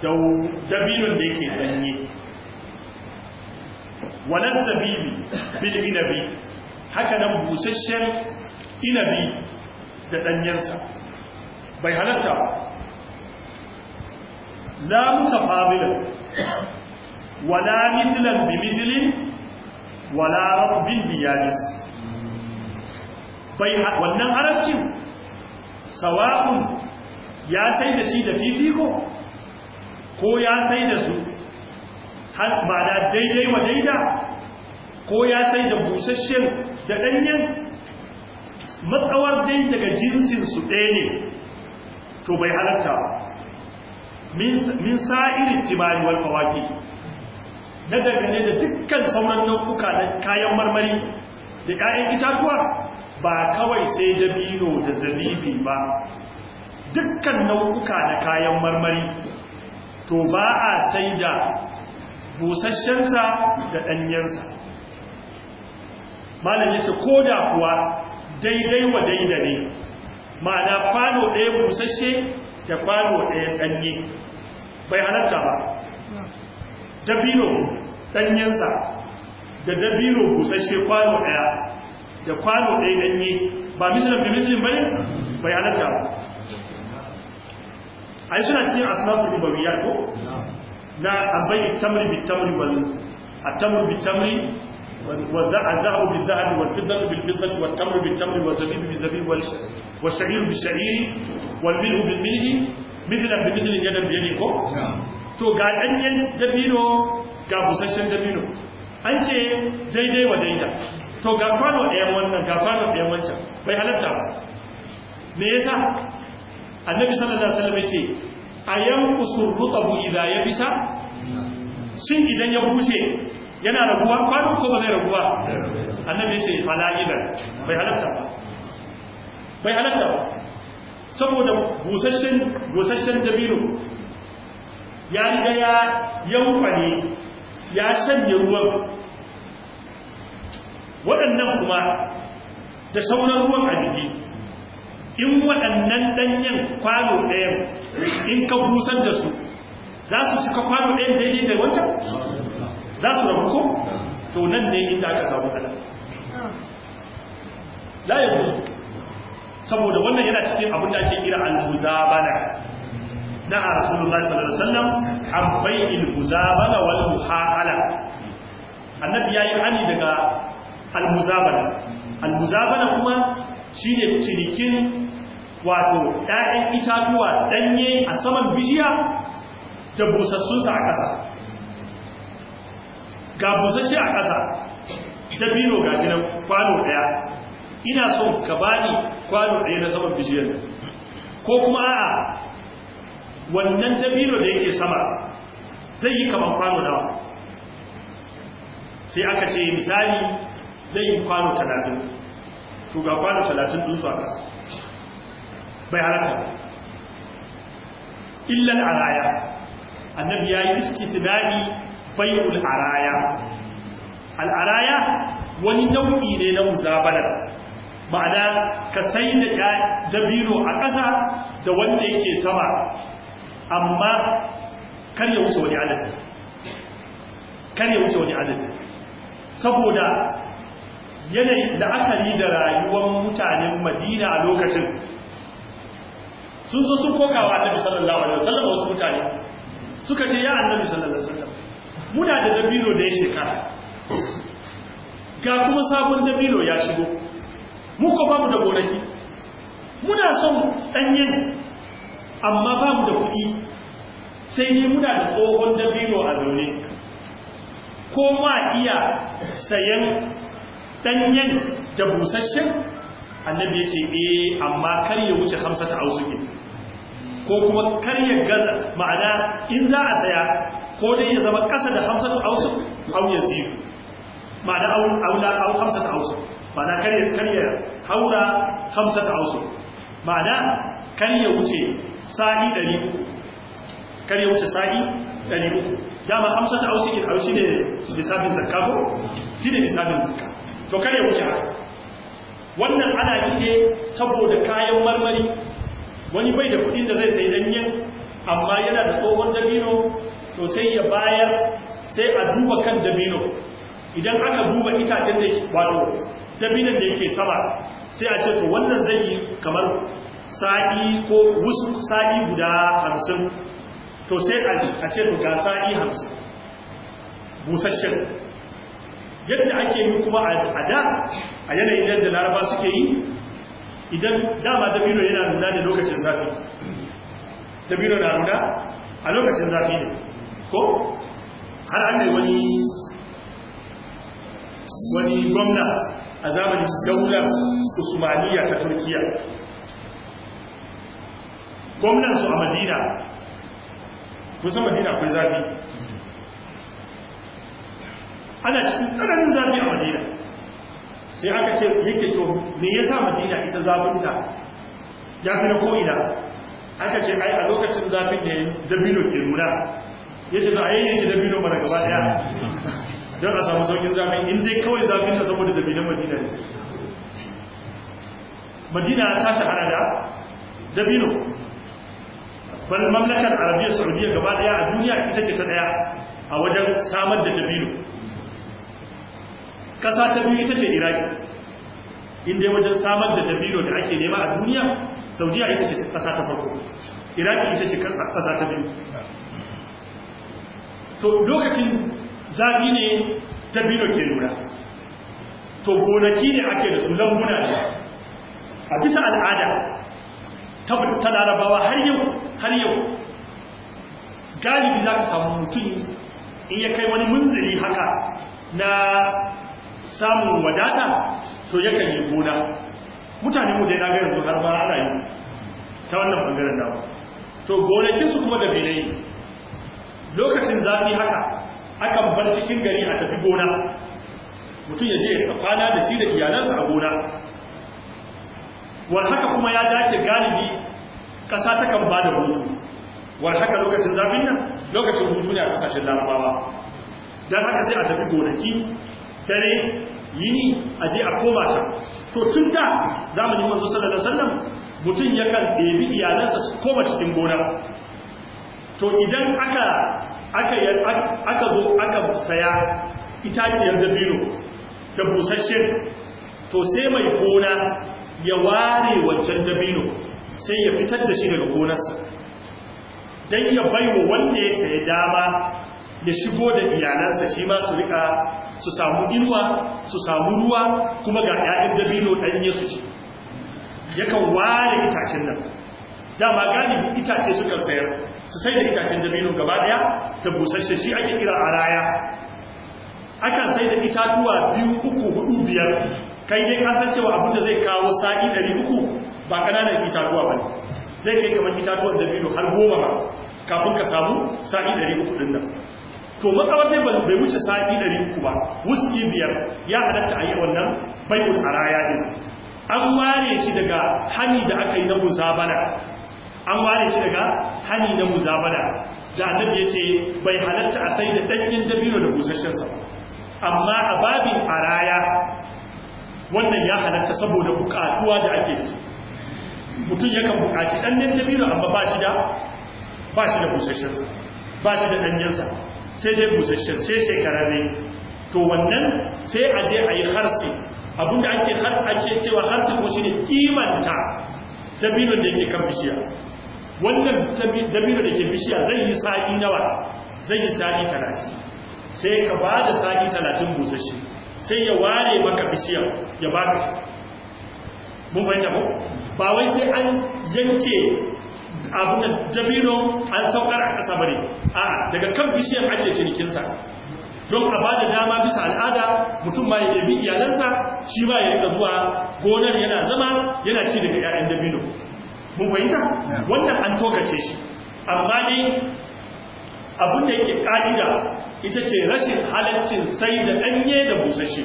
da dabinon da yake danye walar zabibi bil inabi haka nan busasshen inabi da danyensa bai halarta halatta لا mutafadilan wala mithlan بمثل ولا wala rabbin wannan arabcin sawa'un ya sai da shi da fifiko ko ya sai da su har da daidai wa daida ko ya sai da busasshen da danyen? matsawar dai daga jinsinsu ɗaya ne to bai halatta min sa'irin jimari wal fawaki na dangane da dukkan sauran nau'uka na kayan marmari da 'ya'yan itatuwa ba kawai sai dabino da zabibi ba dukkan nau'uka na kayan marmari to ba a sai da busasshensa da ɗanyensa malam yace ko da kuwa daidai wa da ne ma'ana kwano ɗaya busasshe da kwano ɗaya ɗanye bai halatta ba dabino ɗanyensa da dabino busasshe kwano ɗaya da kwano ɗaya ɗanye ba misalin da misalin bai bai halatta ba yi suna cikin asnafin ribawiyya ko na abai tamri bi tamri wal a tamri bi tamri والذهب بالذهب والفضة بالفضة والتمر بالتمر والزبيب بالزبيب والشعير بالشعير والملح بالملح مثلا بمثل يدا بيد ko to ga danyen dabino ga busasshen dabino an ce daidai wa daida to ga kwano ɗayan wannan ga kwano ɗayan wancan bai ba me yasa annabi sallallahu alaihi wasallam yace ayan usurbu tabu idza yabisa shin idan ya bushe yana raguwa kwanu ko ba zai raguwa annabi ce fala'idan bai halatta ba bai halatta ba saboda busasshen busasshen dabino ya riga ya yankwane ya shanye ruwan waɗannan kuma da sauran ruwan a jiki in waɗannan ɗanyen kwano ɗayan in ka busar da su za su cika kwano ɗayan daidai da wancan za su rabu ko to nan ne inda aka samu kada la yi saboda wannan yana cikin abin da ake kira al muzabana na rasulullahi sallallahu alaihi wasallam an bai'il muzabana wal muhala annabi yayi ani daga al muzabana al muzabana kuma shine cinikin wato ɗayan itatuwa danye a saman bishiya da busassunsa a ƙasa ga busasshe a ƙasa dabino ga shi kwano ɗaya ina son ka bani kwano ɗaya na saman bishiyar ko kuma a'a wannan dabino da yake sama zai yi kamar kwano nawa sai aka ce misali zai yi kwano talatin to ga kwano talatin dutsu a ƙasa bai halatta illal alaya annabi ya yi istitidani bai'ul araya al'araya wani nau'i ne na muzabalar ma'ana ka sai da dabino a ƙasa da wanda yake sama amma kar ya wuce wani adadi kar ya wuce wani adadi saboda yanayin da akari da rayuwar mutanen madina a lokacin sun zo sun kokawa annabi sallallahu alaihi wasallam wasu mutane suka ce ya annabi sallallahu alaihi wasallam muna da dabino da ya shekara ga kuma sabon dabino ya shigo muka bamu mu da gonaki muna son danyen amma mu da kuɗi sai ne muna da tsohon dabino a zaune ko ma iya sayan danyen da busasshen annabi ya ce eh amma kar ya wuce hamsa ta ko kuma kar gaza ma'ana in za a saya ko dai ya zama kasa da hamsa da hausa au ya ma ma'ana aula au hamsa da hausa ma'ana karya karya haura hamsa da hausa ma'ana karya wuce sa'i 300 karya wuce sa'i 300 dama hamsa da hausa ke shi ne lissafin zakka ko shi ne lissafin zakka to karya wuce haka wannan ana ne saboda kayan marmari wani bai da kudin da zai sai danyen amma yana da tsohon dabino to sai ya bayar sai a duba kan dabino idan aka duba itacen da wato dabinan da yake sama sai a ce to wannan zai yi kamar sa'i ko wusu sa'i guda hamsin to sai a ce to ga sa'i hamsin busasshen yadda ake yi kuma a da a yanayin yadda laraba suke yi idan dama dabino yana nuna da lokacin zafi dabino na nuna a lokacin zafi ne ko har an ne wani wani gwamna a zamanin daular usmaniya ta turkiya gwamnan su a madina kusan madina akwai zafi ana cikin tsananin zafi a madina sai aka ce yake to me yasa madina ita zafinta ya fi na ko'ina aka ce ai a lokacin zafin ne dabino ke nuna ya ce da a yanyanki dabino mana gaba daya don a samu saukin zafin in dai kawai zafi ta saboda dabinon madina ne madina ta shahara da dabino ban mamlakar arabiya saudiya gaba daya a duniya ita ce ta daya a wajen samar da dabino kasa ta biyu ita ce iraki inda wajen samar da dabino da ake nema a duniya saudiya ita ce kasa ta farko iraki ita ce kasa ta biyu to lokacin zafi ne ta bino ke nuna to gonaki ne ake da su lambuna ne a bisa al'ada ta larabawa har yau har yau galibi za ka samu mutum in ya kai wani munziri haka na samun wadata to kan yi gona mutane mu dai na ga har ma ana yi ta wannan bangaren nawa to gonakinsu kuma da bilai lokacin zafi haka akan bar cikin gari a tafi gona mutum ya je ya kwana da shi da iyalansa a gona war haka kuma ya dace galibi ƙasa takan ba da hutu war haka lokacin zafin nan lokacin hutu ne a ƙasashen larabawa don haka sai a tafi gonaki dare yini a je a koma ta to tun da zamanin manzo sallallahu alaihi wasallam mutum yakan ɗebi iyalansa su koma cikin gona to idan aka aka aka zo aka saya itaciyar dabino da busasshen to sai mai gona ya ware wancan dabino sai ya fitar da shi daga gonarsa dan ya baiwa wanda ya saya dama ya shigo da iyalansa shi ma su rika su samu inuwa su samu ruwa kuma ga 'ya'yan dabino ɗanye su ce yakan ware itacen nan dama gani itace sukan sayar su sai da itacen dabino gaba daya da busasshe shi ake kira a raya akan sai da itatuwa biyu uku hudu biyar kai dai ka san cewa abinda zai kawo sa'i ɗari uku ba ƙananan itatuwa ba zai kai kamar itatuwan dabino har goma ba kafin ka samu sa'i ɗari uku ɗin nan to matsawar dai bai wuce sa'i ɗari uku ba wuski biyar ya halatta a yi wannan bai a raya ɗin an ware shi daga hani da aka yi na bana. an ware shi daga hani na muzabada da annabi ya ce bai halatta a sai da ɗanyen dabino da busasshensa amma a babin araya wannan ya halatta saboda buƙatuwa da ake ci. mutum yakan buƙaci ɗanyen dabino amma ba shi da ba shi da busasshensa ba shi da ɗanyensa sai dai busasshen sai shekara ne to wannan sai a je a yi harsi abinda ake cewa harsi ko shi ne kimanta dabino da yake kan bishiya wannan dabino da ke bishiya zai yi sa'i nawa zai yi sa'i talatin sai ka ba da sa'i talatin busasshe sai ya ware maka bishiya ya ba ka mun fahimta ko ba wai sai an yanke abin da dabino an saukar a kasa bane a daga kan bishiyar ake cinikinsa don a ba da dama bisa al'ada mutum ma ya ɗabi iyalansa shi ba ya rika zuwa gonar yana zama yana ci daga 'ya'yan dabino mun fahimta wannan an tokace shi amma ne abin da yake ƙa'ida ita ce rashin halaccin sai da ɗanye da busashe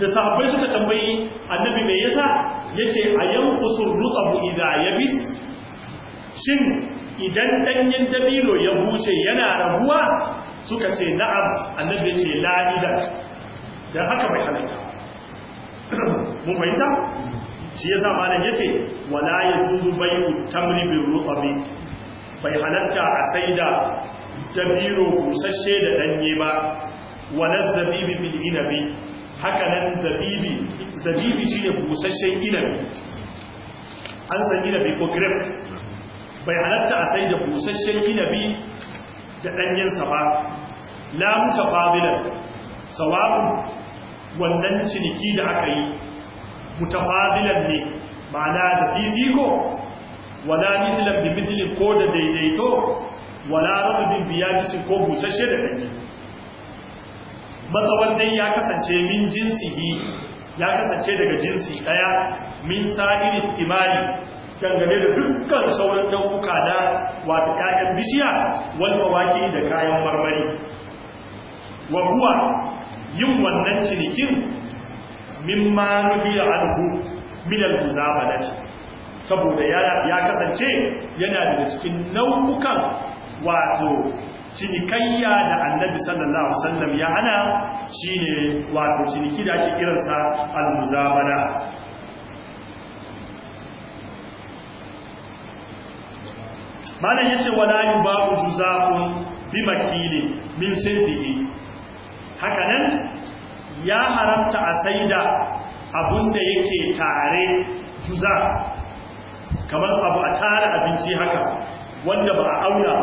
da sahabbai suka tambayi annabi mai yasa yace a yankusu ruqabu idha yabis shin idan ɗanyen dabilo ya bushe yana rabuwa suka ce na'am annabi ya ce la'ida don haka bai halatta mun fahimta shi ya sa malam ya ce wala ya tuzu bai tamri bin rutsabi bai halatta a sai da dabino busasshe da danye ba wala zabibi bil inabi haka nan zabibi zabibi shine ne busasshen inabi an san inabi ko grape bai halatta a sai da busasshen inabi da ɗanyensa ba la muta sawabin wannan ciniki da aka yi mutafadilan ne ma'ana da fifiko wala mitlan bi ko da daidaito wala rabin biyabisin ko busasshe da ɗanye matsawar dai ya kasance min jinsi ya kasance daga jinsi ɗaya min sa'irin dangane da dukkan sauran nau'uka na wata ƴaƴan bishiya wani mawaki da kayan marmari wa yin wannan cinikin mimma nubiya alhu min al saboda ya kasance yana da cikin nau'ukan wato cinikayya da annabi sallallahu alaihi wasallam ya hana shine wato ciniki da ake kiransa al malam yace wala zuza juza'un bi makili min sirfihi haka nan ya haramta a saida da yake tare juza kamar abu a tare abinci haka wanda ba a aura.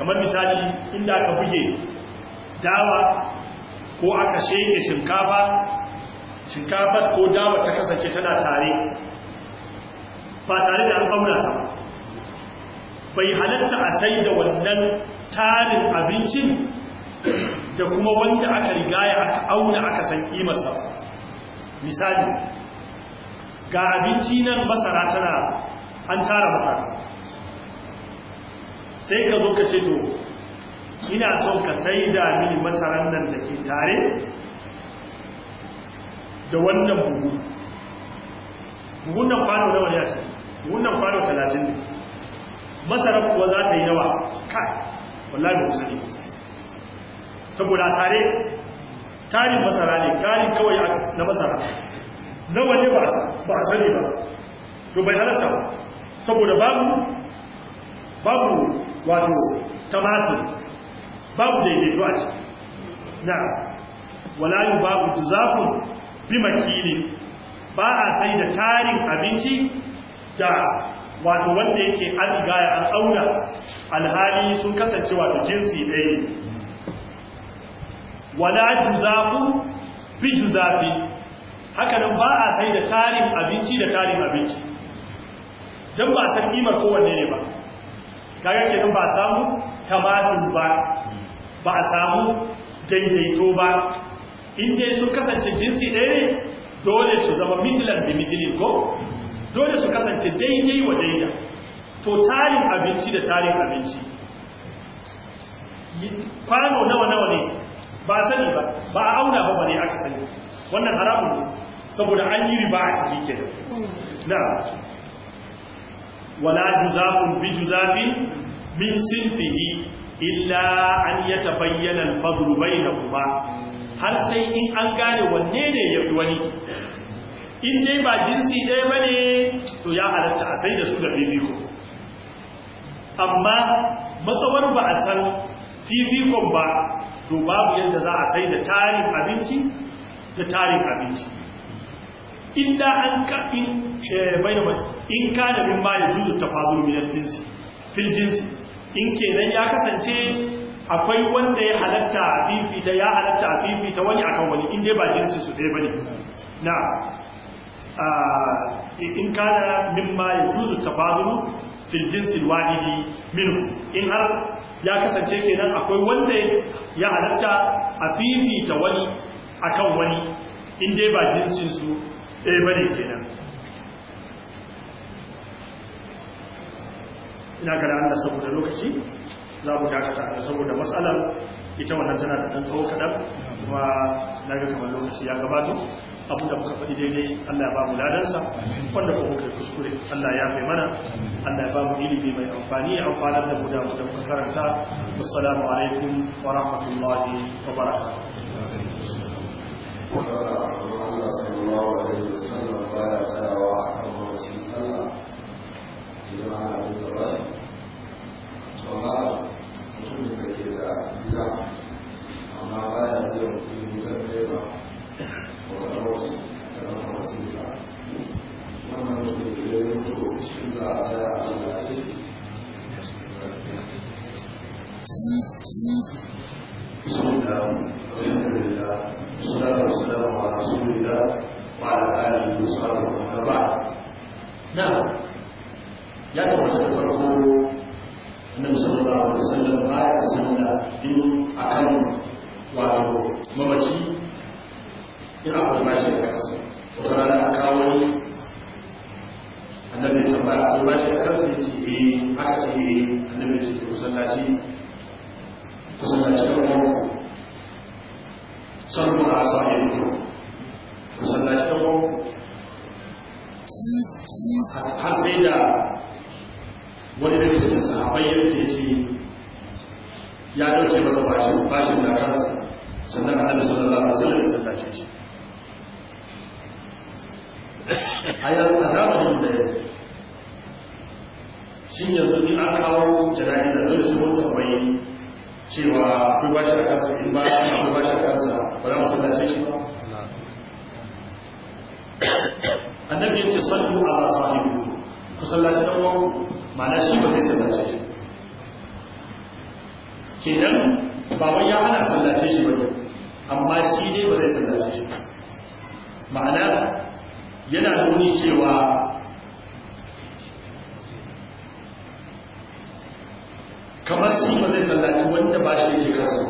kamar misali inda aka buge dawa ko aka shege shinkafa shinkafar ko dawa ta kasance tana tare ba tare da an aura ta bai halatta a sai da wannan tarin abincin da kuma wanda aka rigaya aka auna aka san kimarsa misali ga abinci nan masara tana an tara masara sai ka zo ka ce to ina son ka sai da mini masaran nan da ke tare da wannan buhu buhun nan kwano nawa ne a ce buhun nan kwano talatin ne masarar kuwa za ta yi yawa kai wallahi ba sani saboda tare tarin masara ne tarin kawai na masara nawa ne ba a sani ba to bai halatta ba saboda babu babu wato tamatir babu daidaito a ciki na walayu babu tuzafin bi makini ba a sai da tarin abinci da wato wanda yake an rigaya an auna alhali sun kasance wato jinsi ɗaya ne wala tuzaku bi tuzafi haka nan ba a sai da tarin abinci da tarin abinci Dan ba san ko kowanne ne ba kaga kenan ba samu tamatin ba ba a samu daidaito ba in dai sun kasance jinsi ɗaya ne dole su zama mitilan da mitilin ko dole su kasance daidai wa daida to tarin abinci da tarin abinci kwano nawa nawa ne ba sani ba ba a auna ba ne aka sani wannan haramun ne saboda an yi riba a ciki kenan na wala juzafun bi juzafin min sinfihi illa an bayyana al na kuma. har sai in an gane wanne ne yafi wani in dai ba jinsi ɗaya ba ne to ya halatta a sai da su da fifiko amma matsawar ba a san fifikon ba to babu yadda za a sai da tarin abinci da tarin abinci in da an ka in eh, in ka da min bayan zuwa ta tafazul miliyar jinsi fil jinsi in kenan ya kasance akwai wanda ya halatta a fifita ya halatta a fifita wani akan wani in dai ba jinsi su ɗaya ne. na in kana mimma juzu tafadulu fil jinsil wahidi min in har ya kasance kenan akwai wanda ya halatta a fifita wani akan wani in dai ba jinsin su eh bane kenan ina ga Allah saboda lokaci za mu dakata saboda matsalar ita wannan tana da dan tsawo kaɗan kuma na ga kamar lokaci ya gabato abu da muka faɗi daidai Allah ya ba mu ladansa wanda ko muka kuskure Allah ya kai mana Allah ya ba mu ilimi mai amfani a amfanar da mu da mu da muka karanta assalamu alaikum wa rahmatullahi wa barakatuh da you. amma ba ya zai mutum mutum ne ba annabi sallallahu alaihi wasallam baya sanna akan wato mamaci ina albashi da kansu wata rana a kawo wani annabi tambaya albashi da kansu ya ce eh aka ce eh annabi ce ke kusallaci kusallaci da wani san kuma a sa yin kuma kusallaci da har sai da wani da cikin sahabai yake ce ya dauke masa bashin da kansa sannan annabi sallallahu alaihi wasallam ya sallace shi a yanzu a zamanin da ya shi yanzu in an kawo jana'iza dole su mun tambayi cewa akwai bashi a kansa in ba akwai bashi a kansa ba za mu sallace shi ba annabi ya ce sallu ala sahibi ku sallaci dan uwan ma'ana shi ba zai sallace shi kenan ba wai ya hana sallace shi ba amma shi dai ba zai sallace shi ma'ana yana nuni cewa kamar shi ba zai sallaci wanda ba shi yake kansa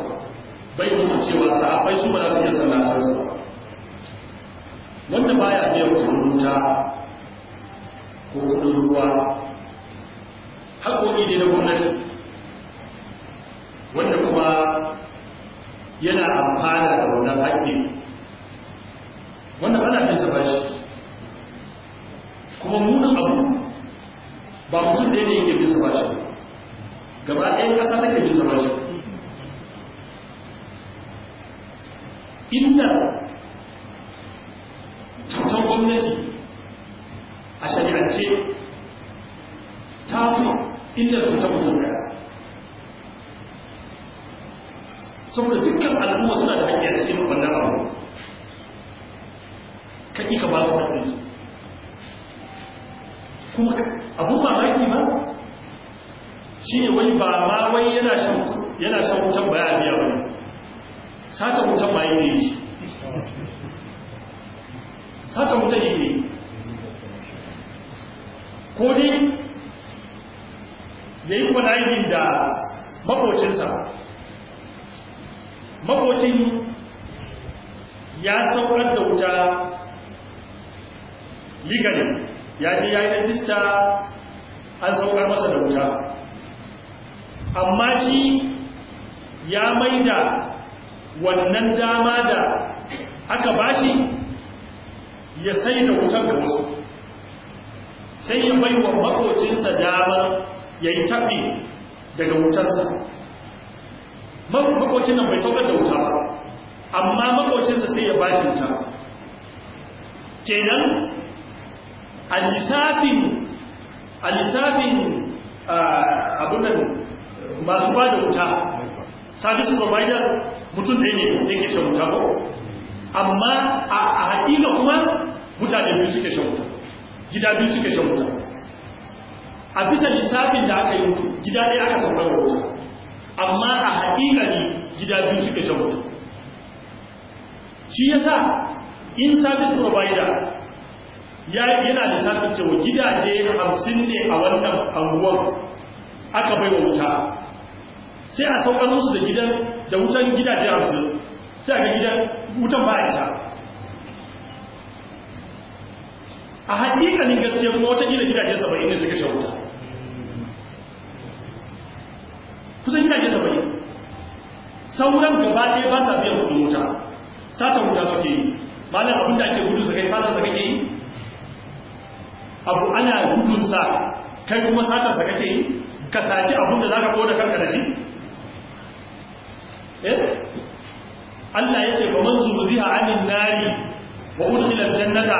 bai nuna cewa sahabbai su ba za su iya sallatar sa wanda ba ya biya wata wuta ko kudin ruwa haƙoƙi ne na gwamnati wanda kuma yana amfana da wannan haƙƙi wanda ana bisa shi. kuma munin abu ba mutum da yake bin sa bashi gaba ɗayan ƙasa take bin sa bashi inda cutar gwamnati a shari'ance ta kuma inda cutar mutum ɗaya saboda dukkan al'umma suna da hanyar cikin wannan abu kan ka ba su haƙƙinsu kuma abun mamaki ba shi ne wai ba ma wai yana shan wutan ba ya biya wani sata wutan ba yake yi sata wutan yake yi ko dai ya yi kwanagin da makocinsa makocin ya saukar da wuta legally ya ce ya yi rajista an saukar masa da wuta amma shi ya maida wannan dama da aka bashi ya sai da wutar da wasu sai ya bai wa makocinsa dama ya yi tafi daga wutarsa makocin nan bai saukar da wuta ba amma makocinsa sai ya bashi wuta kenan a lissafin abunan ah, masu ba da wuta service provider mutum ɗaya ne ke shan wuta amma a haƙiƙa kuma mutane biyu suke shan wuta gida biyu suke shan wuta a bisa lissafin da aka yi gida ɗaya aka saukar wuta amma a haƙiƙa ne gida biyu suke shan wuta shi yasa in service provider yana lissafin cewa gidaje hamsin ne a wannan anguwan aka bai wa wuta sai a saukar musu da gidan da wutan gidaje hamsin sai a ga gidan wutan ba a isa a haƙiƙanin gaske kuma wata gida gidaje saba'in ne suka sha kusan gidaje saba'in sauran gaba ɗaya ba sa biyan kuɗin wuta sata wuta suke yi malam abinda ake gudu su kai fata su kake yi abu ana gudun sa kai kuma sata sa kake yi ka saci abun da zaka koda kanka da shi eh Allah ya ce ba man zuziha anin nari wa udkhila jannata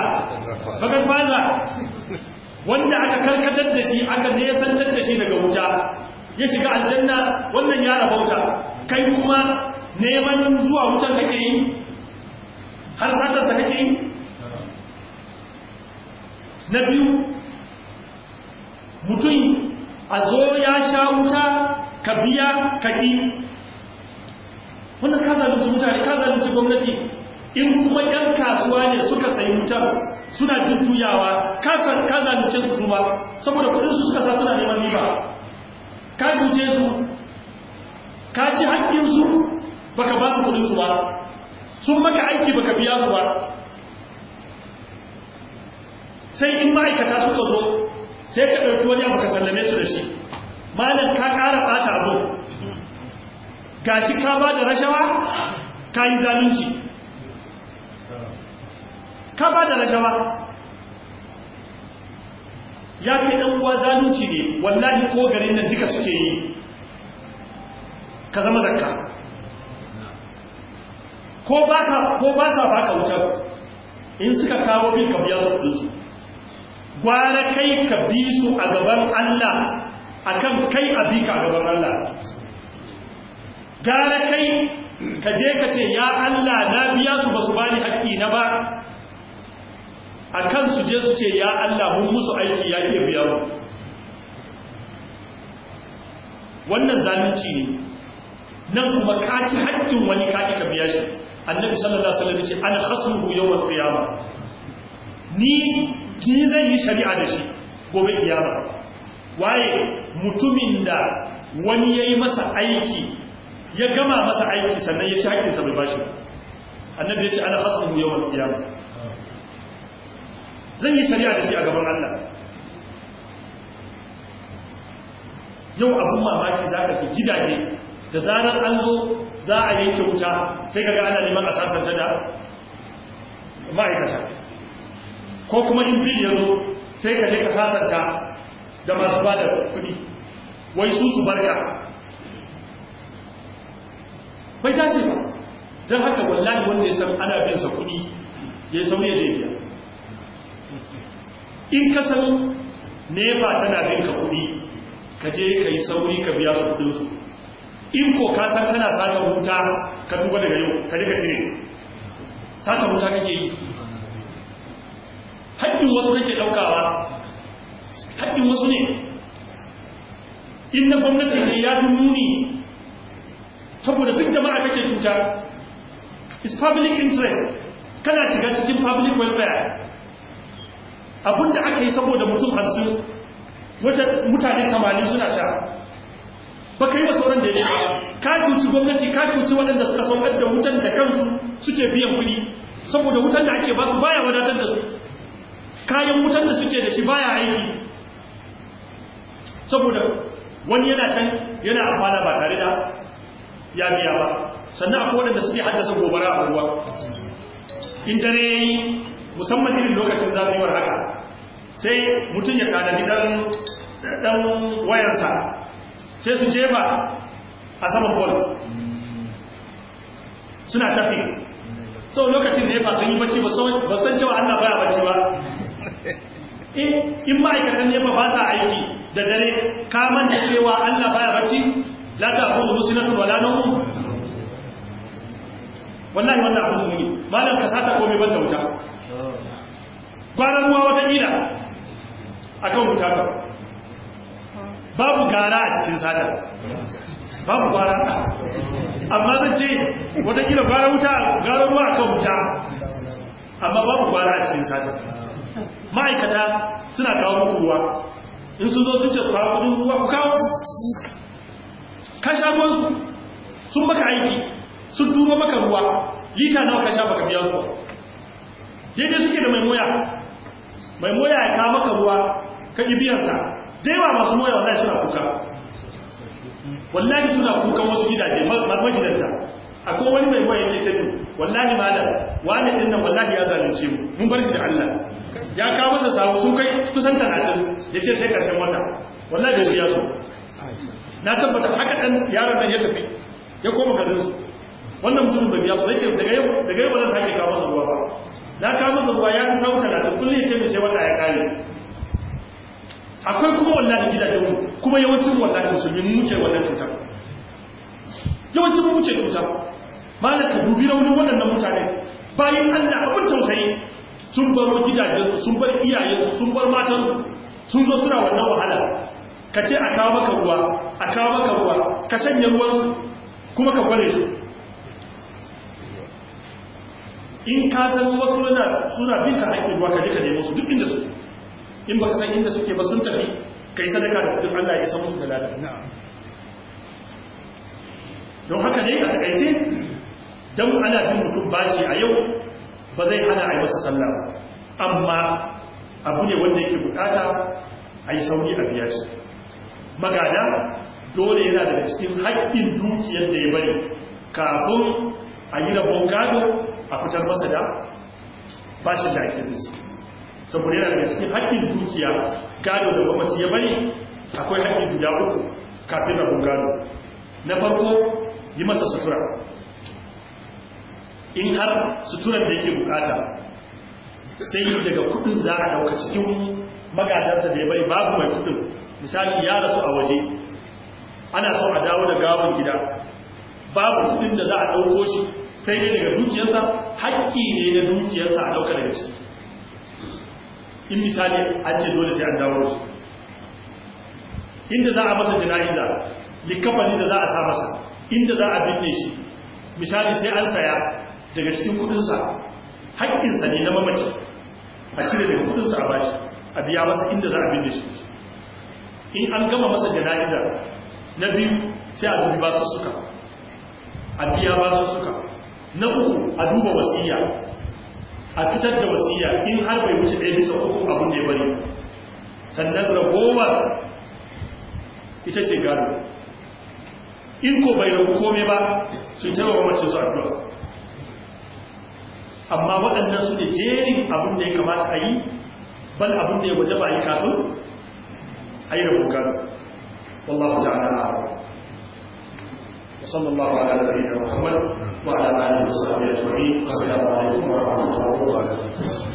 fakat faza wanda aka karkatar da shi aka nesantar da shi daga wuta ya shiga aljanna wannan ya rabauta kai kuma neman zuwa wutan kake yi har satarsa kake yi na biyu mutum a zo ya sha wuta ka biya ka ƙi wannan ka mutane ka gwamnati in kuma 'yan kasuwa ne suka sayi wutar suna jin tuyawa? ka zalunce su su ba saboda kudin su suka sa suna neman riba ka duce su ka ci haƙƙinsu baka ba su kudin su ba sun maka aiki baka biya su ba sai in ma'aikata suka zo sai ka ɗauki wani abu ka sallame su da shi malam ka ƙara ɓata abu gashi ka ba da rashawa ka yi zalunci ka ba da rashawa ya kai ɗan uwa zalunci ne wallahi ko garin nan duka suke yi ka zama zakka ko ba sa baka wutar in suka kawo bin ka biya su gwara kai ka bi su a gaban Allah akan kai a bi ka a gaban Allah gara kai ka je ka ce ya Allah na biya su ba su bani haƙƙi na ba akan su je su ce ya Allah mun musu aiki ya iya biya mu wannan zalunci ne nan kuma ka ci haƙƙin wani ka ka biya shi annabi sallallahu alaihi wasallam ya ce ana khasmuhu yawmal qiyamah ni ki zai yi shari'a da shi gobe kiyama waye mutumin da wani yayi masa aiki ya gama masa aiki sannan ya ci haƙƙinsa bai bashi annabi ya ce ana hasbu yawan kiyama zan yi shari'a da shi a gaban Allah yau abun mamaki za ka gidaje da zarar an zo za a yanke wuta sai ka ga ana neman a sasanta da ma'aikata ko kuma in bi ya sai ka je ka sasanta da masu ba da kuɗi wai su su barka bai ce ba don haka wallahi wanda ya san ana bin sa kuɗi ya sauri ya in ka san nefa tana bin ka kuɗi ka je ka yi sauri ka biya su su, in ko ka san kana sata wuta ka duba daga yau ka daga cire sata wuta kake yi haƙƙin wasu nake ɗaukawa haƙƙin wasu ne inda gwamnati ne ya fi nuni saboda duk jama'a kake cuta is public interest kana shiga cikin public welfare abinda aka yi saboda mutum hamsin mutane tamanin suna sha ba ka yi sauran da ya shi ka cuci gwamnati ka cuci waɗanda suka saukar da wutan da kansu suke biyan kuɗi saboda wutan da ake ba su baya wadatar da su kayan wutar da suke da shi baya aiki saboda wani yana can yana amfana ba tare da ya biya ba sannan akwai waɗanda suke haddasa gobara a ruwa in dare yi musamman irin lokacin zafiwar haka sai mutum ya kada gidan dan wayarsa sai su jefa a saman bol suna tafi sau lokacin da ya sun yi bacci ba san cewa na baya bacci ba in ma'aikatan ne ba ta aiki da dare ka da cewa Allah baya bacci la ta kun rusulun wala nawm wallahi wannan abun muni malam ka sata komai banda wuta gwaran ruwa wata a kan wuta ka babu gara a cikin sata babu gwara amma zan ce wata kila gwara wuta gwara ruwa akan wuta amma babu gwara a cikin sata ma'aikata suna kawo ruwa in sun zo sun ce kawo kudin ruwa ku kawo ka sha ruwansu sun maka aiki sun turo maka ruwa lita nawa ka sha baka biya su daidai suke da mai moya mai moya ya kawo maka ruwa ka ƙi biyansa daiwa masu moya wallahi suna kuka wallahi suna kuka wasu gidaje magidanta akwai wani mai ya ce ni wallahi malam wani din nan wallahi ya zalunce mu mun bar shi da Allah ya kawo masa sawu sun kai kusan ya ce sai karshen wata wallahi da ya so na tabbata haka dan yaron nan ya tafi ya koma garin su wannan mutumin bai ya so yace daga yau daga yau ba zan sake kawo masa ruwa ba na kawo masa ruwa ya fi sawu 30 kullum yace mai sai wata ya kare akwai kuma wallahi gidajen mu kuma yawancin wallahi musulmi mu muke wannan cutar yawancin mu muke cutar malam ka dubi raunin waɗannan mutane bayan Allah abin tausayi sun baro gidajen sun bar iyayen sun bar matan sun zo suna wannan wahala ka ce a kawo maka ruwa a kawo maka ruwa ka sanya ruwan kuma ka kware su in ka san wasu suna bin ka haƙƙin ruwa ka je ka nemo su duk inda su in ba ka san inda suke ba sun tafi ka yi sadaka da kudin Allah ya san musu da lada don haka ne a takaice don ana bin mutum bashi a yau ba zai hana a yi masa sallah amma abu ne wanda yake bukata a yi sauri a biya shi magana dole yana daga cikin haƙƙin dukiyar da ya bari kafin a yi rabon gado a fitar masa da bashin da ake nisa saboda yana daga cikin haƙƙin dukiya gado da mamaci ya bari akwai haƙƙin guda uku kafin rabon gado na farko yi masa sutura in har suturar da yake bukata sai daga kudin za a dauka cikin magadansa da ya bari babu mai kudin misali ya rasu a waje ana so a dawo da gawon gida babu kudin da za a dauko shi sai ne daga dukiyarsa hakki ne na dukiyarsa a dauka daga ciki in misali an ce dole sai an dawo shi inda za a masa jana'iza likafani da za a sa masa inda za a binne shi misali sai an saya daga cikin kudinsa haƙƙinsa ne na mamaci a cire daga kudinsa a bashi a biya masa inda za a binne shi in an gama masa jana'iza na biyu sai a dubi basu suka a biya basu suka na uku a duba wasiya a fitar da wasiya in har bai wuce ɗaya bisa uku abin da ya bari sannan ragowar ita ce gado in ko bai ragu kome ba sun taimaka mace su addu'a amma waɗannan su da jerin abin da ya kamata a yi bal abin da ya waje ba a yi kafin a yi da gado wallahu ta'ala na haru a الله على نبينا محمد وعلى a وصحبه kuma والسلام عليكم ورحمه da وبركاته